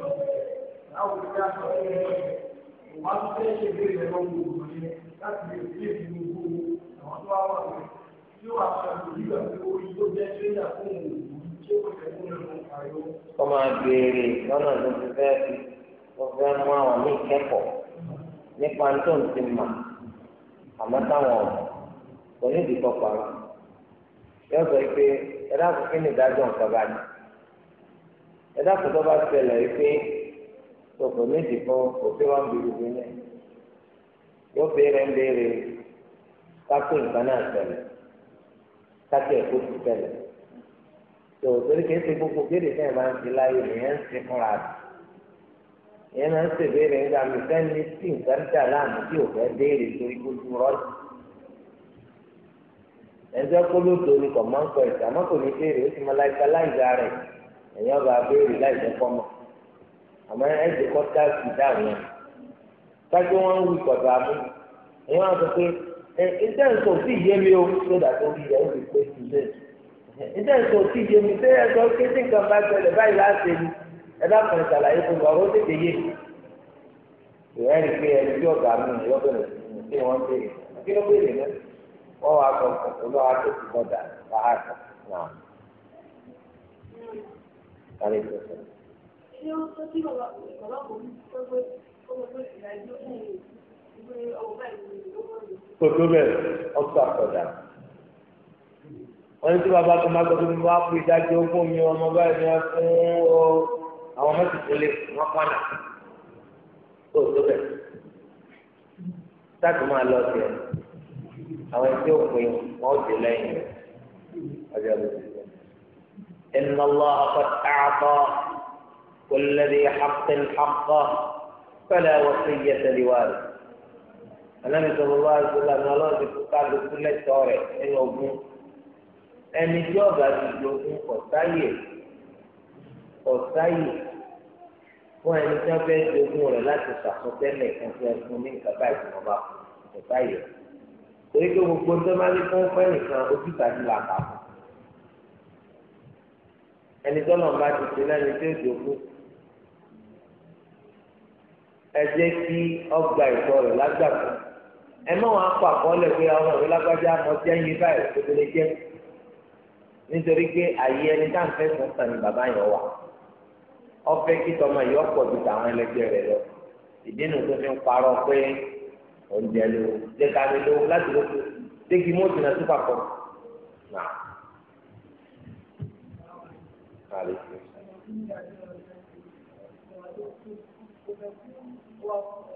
lọ. Láwọn ìgbà tó ń bẹ̀rẹ̀ òun wá tún fẹ́ ṣe ìbéèrè lọ́wọ́ òun láti lè fi èdè gbogbo àwọn tó wá wà lórí. kọ́ máa béèrè lọ́nà tó ti fẹ́ fi wọ́n mú àwọn ní ìkẹ́kọ̀ọ́ nípa tó ń ti mà àmọ́ táwọn kò ní ìdìkọ̀ pàrọ̀ yóò sọ pé ẹ̀dá kò kí ni ìdájọ́ nǹkan bá ní ẹ̀dá kò tó bá ṣẹlẹ̀ pé kò ní ìdìkọ̀ kò pé wọ́n bèrè kákẹ́ ẹ̀kọ́ ti tẹ̀lé tó torí kìí ṣe gbogbo béèrè náà máa ń fi láyé nìyẹn ń ṣe fúnra rẹ̀ ìyẹn máa ń ṣe béèrè nígbà mi sẹ́ni tí nǹkan dà láàmú tí ò fẹ́ béèrè torí kó ju rọ́ọ̀tì ẹ̀jẹ̀ kó lódò ni kò máa ń kọ ìta má kò ní béèrè ó sì máa láìka láìka rẹ̀ ẹ̀yìn ọba béèrè láìjẹ́ kọ́mọ̀ àmọ́ ẹ̀jẹ̀ kọ́ tá a sì dá yẹn kájú wọn ń wí kọ̀dọ̀ àmú ìyẹn wọn sọ pé ìtẹ́ǹsọ̀ sí ìyé mi o ló dàgbọ́ mi ìyàwó mi pé ṣùgbọ́n ìtẹ́ǹsọ̀ sí ìyé mi ṣé ẹ̀sọ́ kéde nǹkan bá ṣẹlẹ̀ báyìí láti ẹni ẹ̀dá kan ṣàlàyé fún wa ó tètè yé mi. ìwé rí pé ẹni tí ọ̀gá mi ìyọ́ bẹ̀rẹ̀ sí pé wọ́n béèrè kí ló béèrè náà wọ́n wá sọ kọ̀ọ̀kan lọ́wọ́ tó ti bọ̀dà wàhálà náà. Kálí ìtọ́sọ̀. Ṣé kòtò bẹ́ẹ̀ ọ̀tún àkọ́dà wọ́n ní tí bàbá kan bá gbọ́ pé wọ́n á pè dájọ́ fún mi ọmọ báyìí ni wọ́n fún ọ àwọn mọ́tò tó lè wọ́n pọ́nà kòtò bẹ́ẹ̀ sáàtì máa lọ sí ẹ àwọn ẹni tí ó pè wọ́n ó dé lẹ́yìn rẹ̀ ọjọ́ ìbùdó إن الله قد أعطى كل ذي حق حقه فلا وصية لوارث Ànábì sallallahu alaihi wasallam ní Ọlọ́run ti fún kálukú lẹ́tọ̀ọ́ rẹ̀ nínú ogún ẹni tí ọ̀gá ti di ogún kọ̀sáyè kọ̀sáyè fún ẹni tí wọ́n fẹ́ di ogún rẹ̀ láti sàkọsẹ́lẹ̀ kan fún ẹkún ní nǹkan báyìí tí wọ́n bá kọ̀sáyè torí pé gbogbo tó máa ní fún fún ẹnìkan ojú tàbí làkà ẹni tó lọ́n bá ti ṣe lẹ́ni tó di ogún ẹ jẹ́ kí ọgbà ìtọ́ rẹ̀ ẹ mọ wọn akọ àkọọ́lẹ̀ pé ọmọ ìwé lágbájá mọ tí ẹyin báyìí tó lè jẹ nítorí pé àyè ẹni tá à ń fẹ́ sùn sàn ni bàbá yẹn wà ọfẹ kí tọmọ yìí ọ̀pọ̀ ju tàwọn ẹlẹgbẹ́ rẹ̀ lọ ìdínú tó fi ń parọ́ pé oúnjẹ ló dẹka mi ló láti ló kú dégi mọ́tò náà tó papọ Thank you.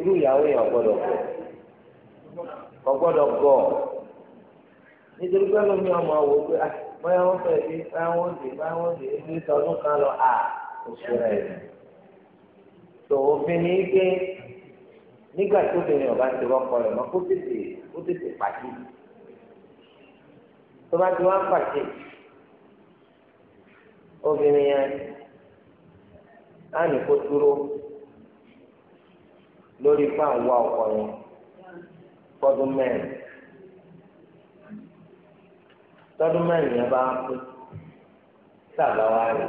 irú ìyàwó yẹn ọgbọ́dọ̀ gbọ́ ọgbọ́dọ̀ gbọ́ nítorí pé lómi ọmọ wò pé ah, báyà wọn fẹẹ dé báyà wọn dé báyà wọn dé ebi sọdún kan lọ à oṣù rẹ tó òfin ní pé nígbà tó bìnrin ọba ti rọpò rẹ mọ kó tètè kó tètè pàṣẹ tó bá ti wá pàṣẹ obìnrin yẹn á ní kó dúró lórí fáwọn wá ọkọ yẹn fọdún mẹ́rin tọdún mẹ́rin yẹn bá ń kú sábà wá rè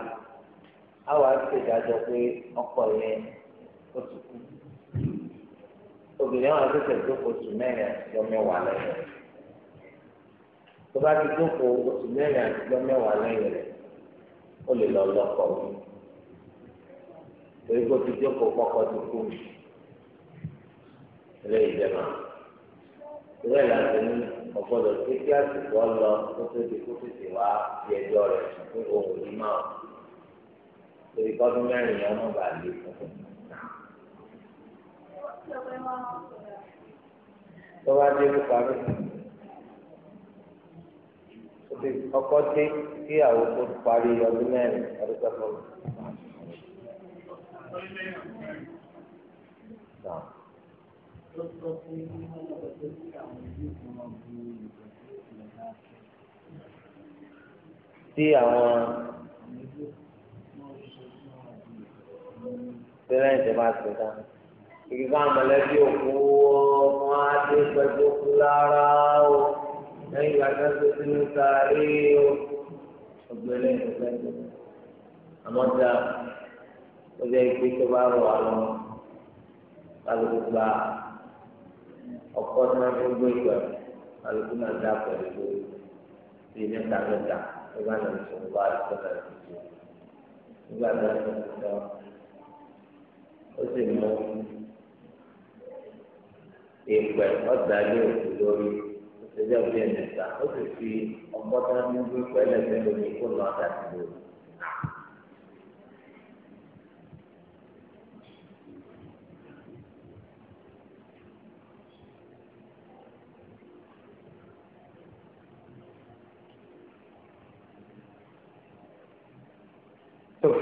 àwọn àṣèdájọ pé ọkọ yẹn ó ti kú obìnrin àwọn àṣẹṣẹ ìjókòó oṣù mẹ́rin àtijọ́ mẹ́wàá lẹ́yìn tó bá ti jókòó oṣù mẹ́rin àtijọ́ mẹ́wàá lẹ́yìn rẹ̀ ó lè lọ lọ́kọ mi torí kó ti jókòó kọ́kọ́ ti kú mi ilé ìjẹba ìwé ìlànà ní ọ̀gbọ́dọ̀ tí kíláàsì kọ́ lọ kó tó di kó tètè wá fi ẹjọ́ rẹ̀ fún ohun ní máa lórí kọ́dún mẹ́rin yẹn wọ́n bá lè fún un. tó bá dé nípa mi ọkọ dé kí àwọn tó parí ọdún mẹ́rin ọdún tó kọ́ tí àwọn pẹrẹntì bá ti dá kìkì ká mọ̀lẹ́bí òkú wọn á dé pẹ̀lú òkú lára o lẹ́yìn ìgbà tó ti ti ń sáré o ọgbẹlẹ ìgbẹlẹ àmọ́ dá ọjọ́ ìgbé tó bá rọ àwọn kálukú gbà á ọkọ tí wọn fi ń gbé ìgbà alùpùpù náà dá pẹ̀lú bíi mẹ́ta mẹ́ta tó bá lọ sọ̀rọ̀ bá àdúgbò náà ti tó nígbà tó ń sọ̀rọ̀ lọ ó sì mú ìpè ọ̀dà ilé òkú lórí ó ti dẹ́ ó sì fi ọkọ tí wọn fi gbé ìgbà ẹlẹ́sẹ̀ lórí kó lọ́ọ́ dá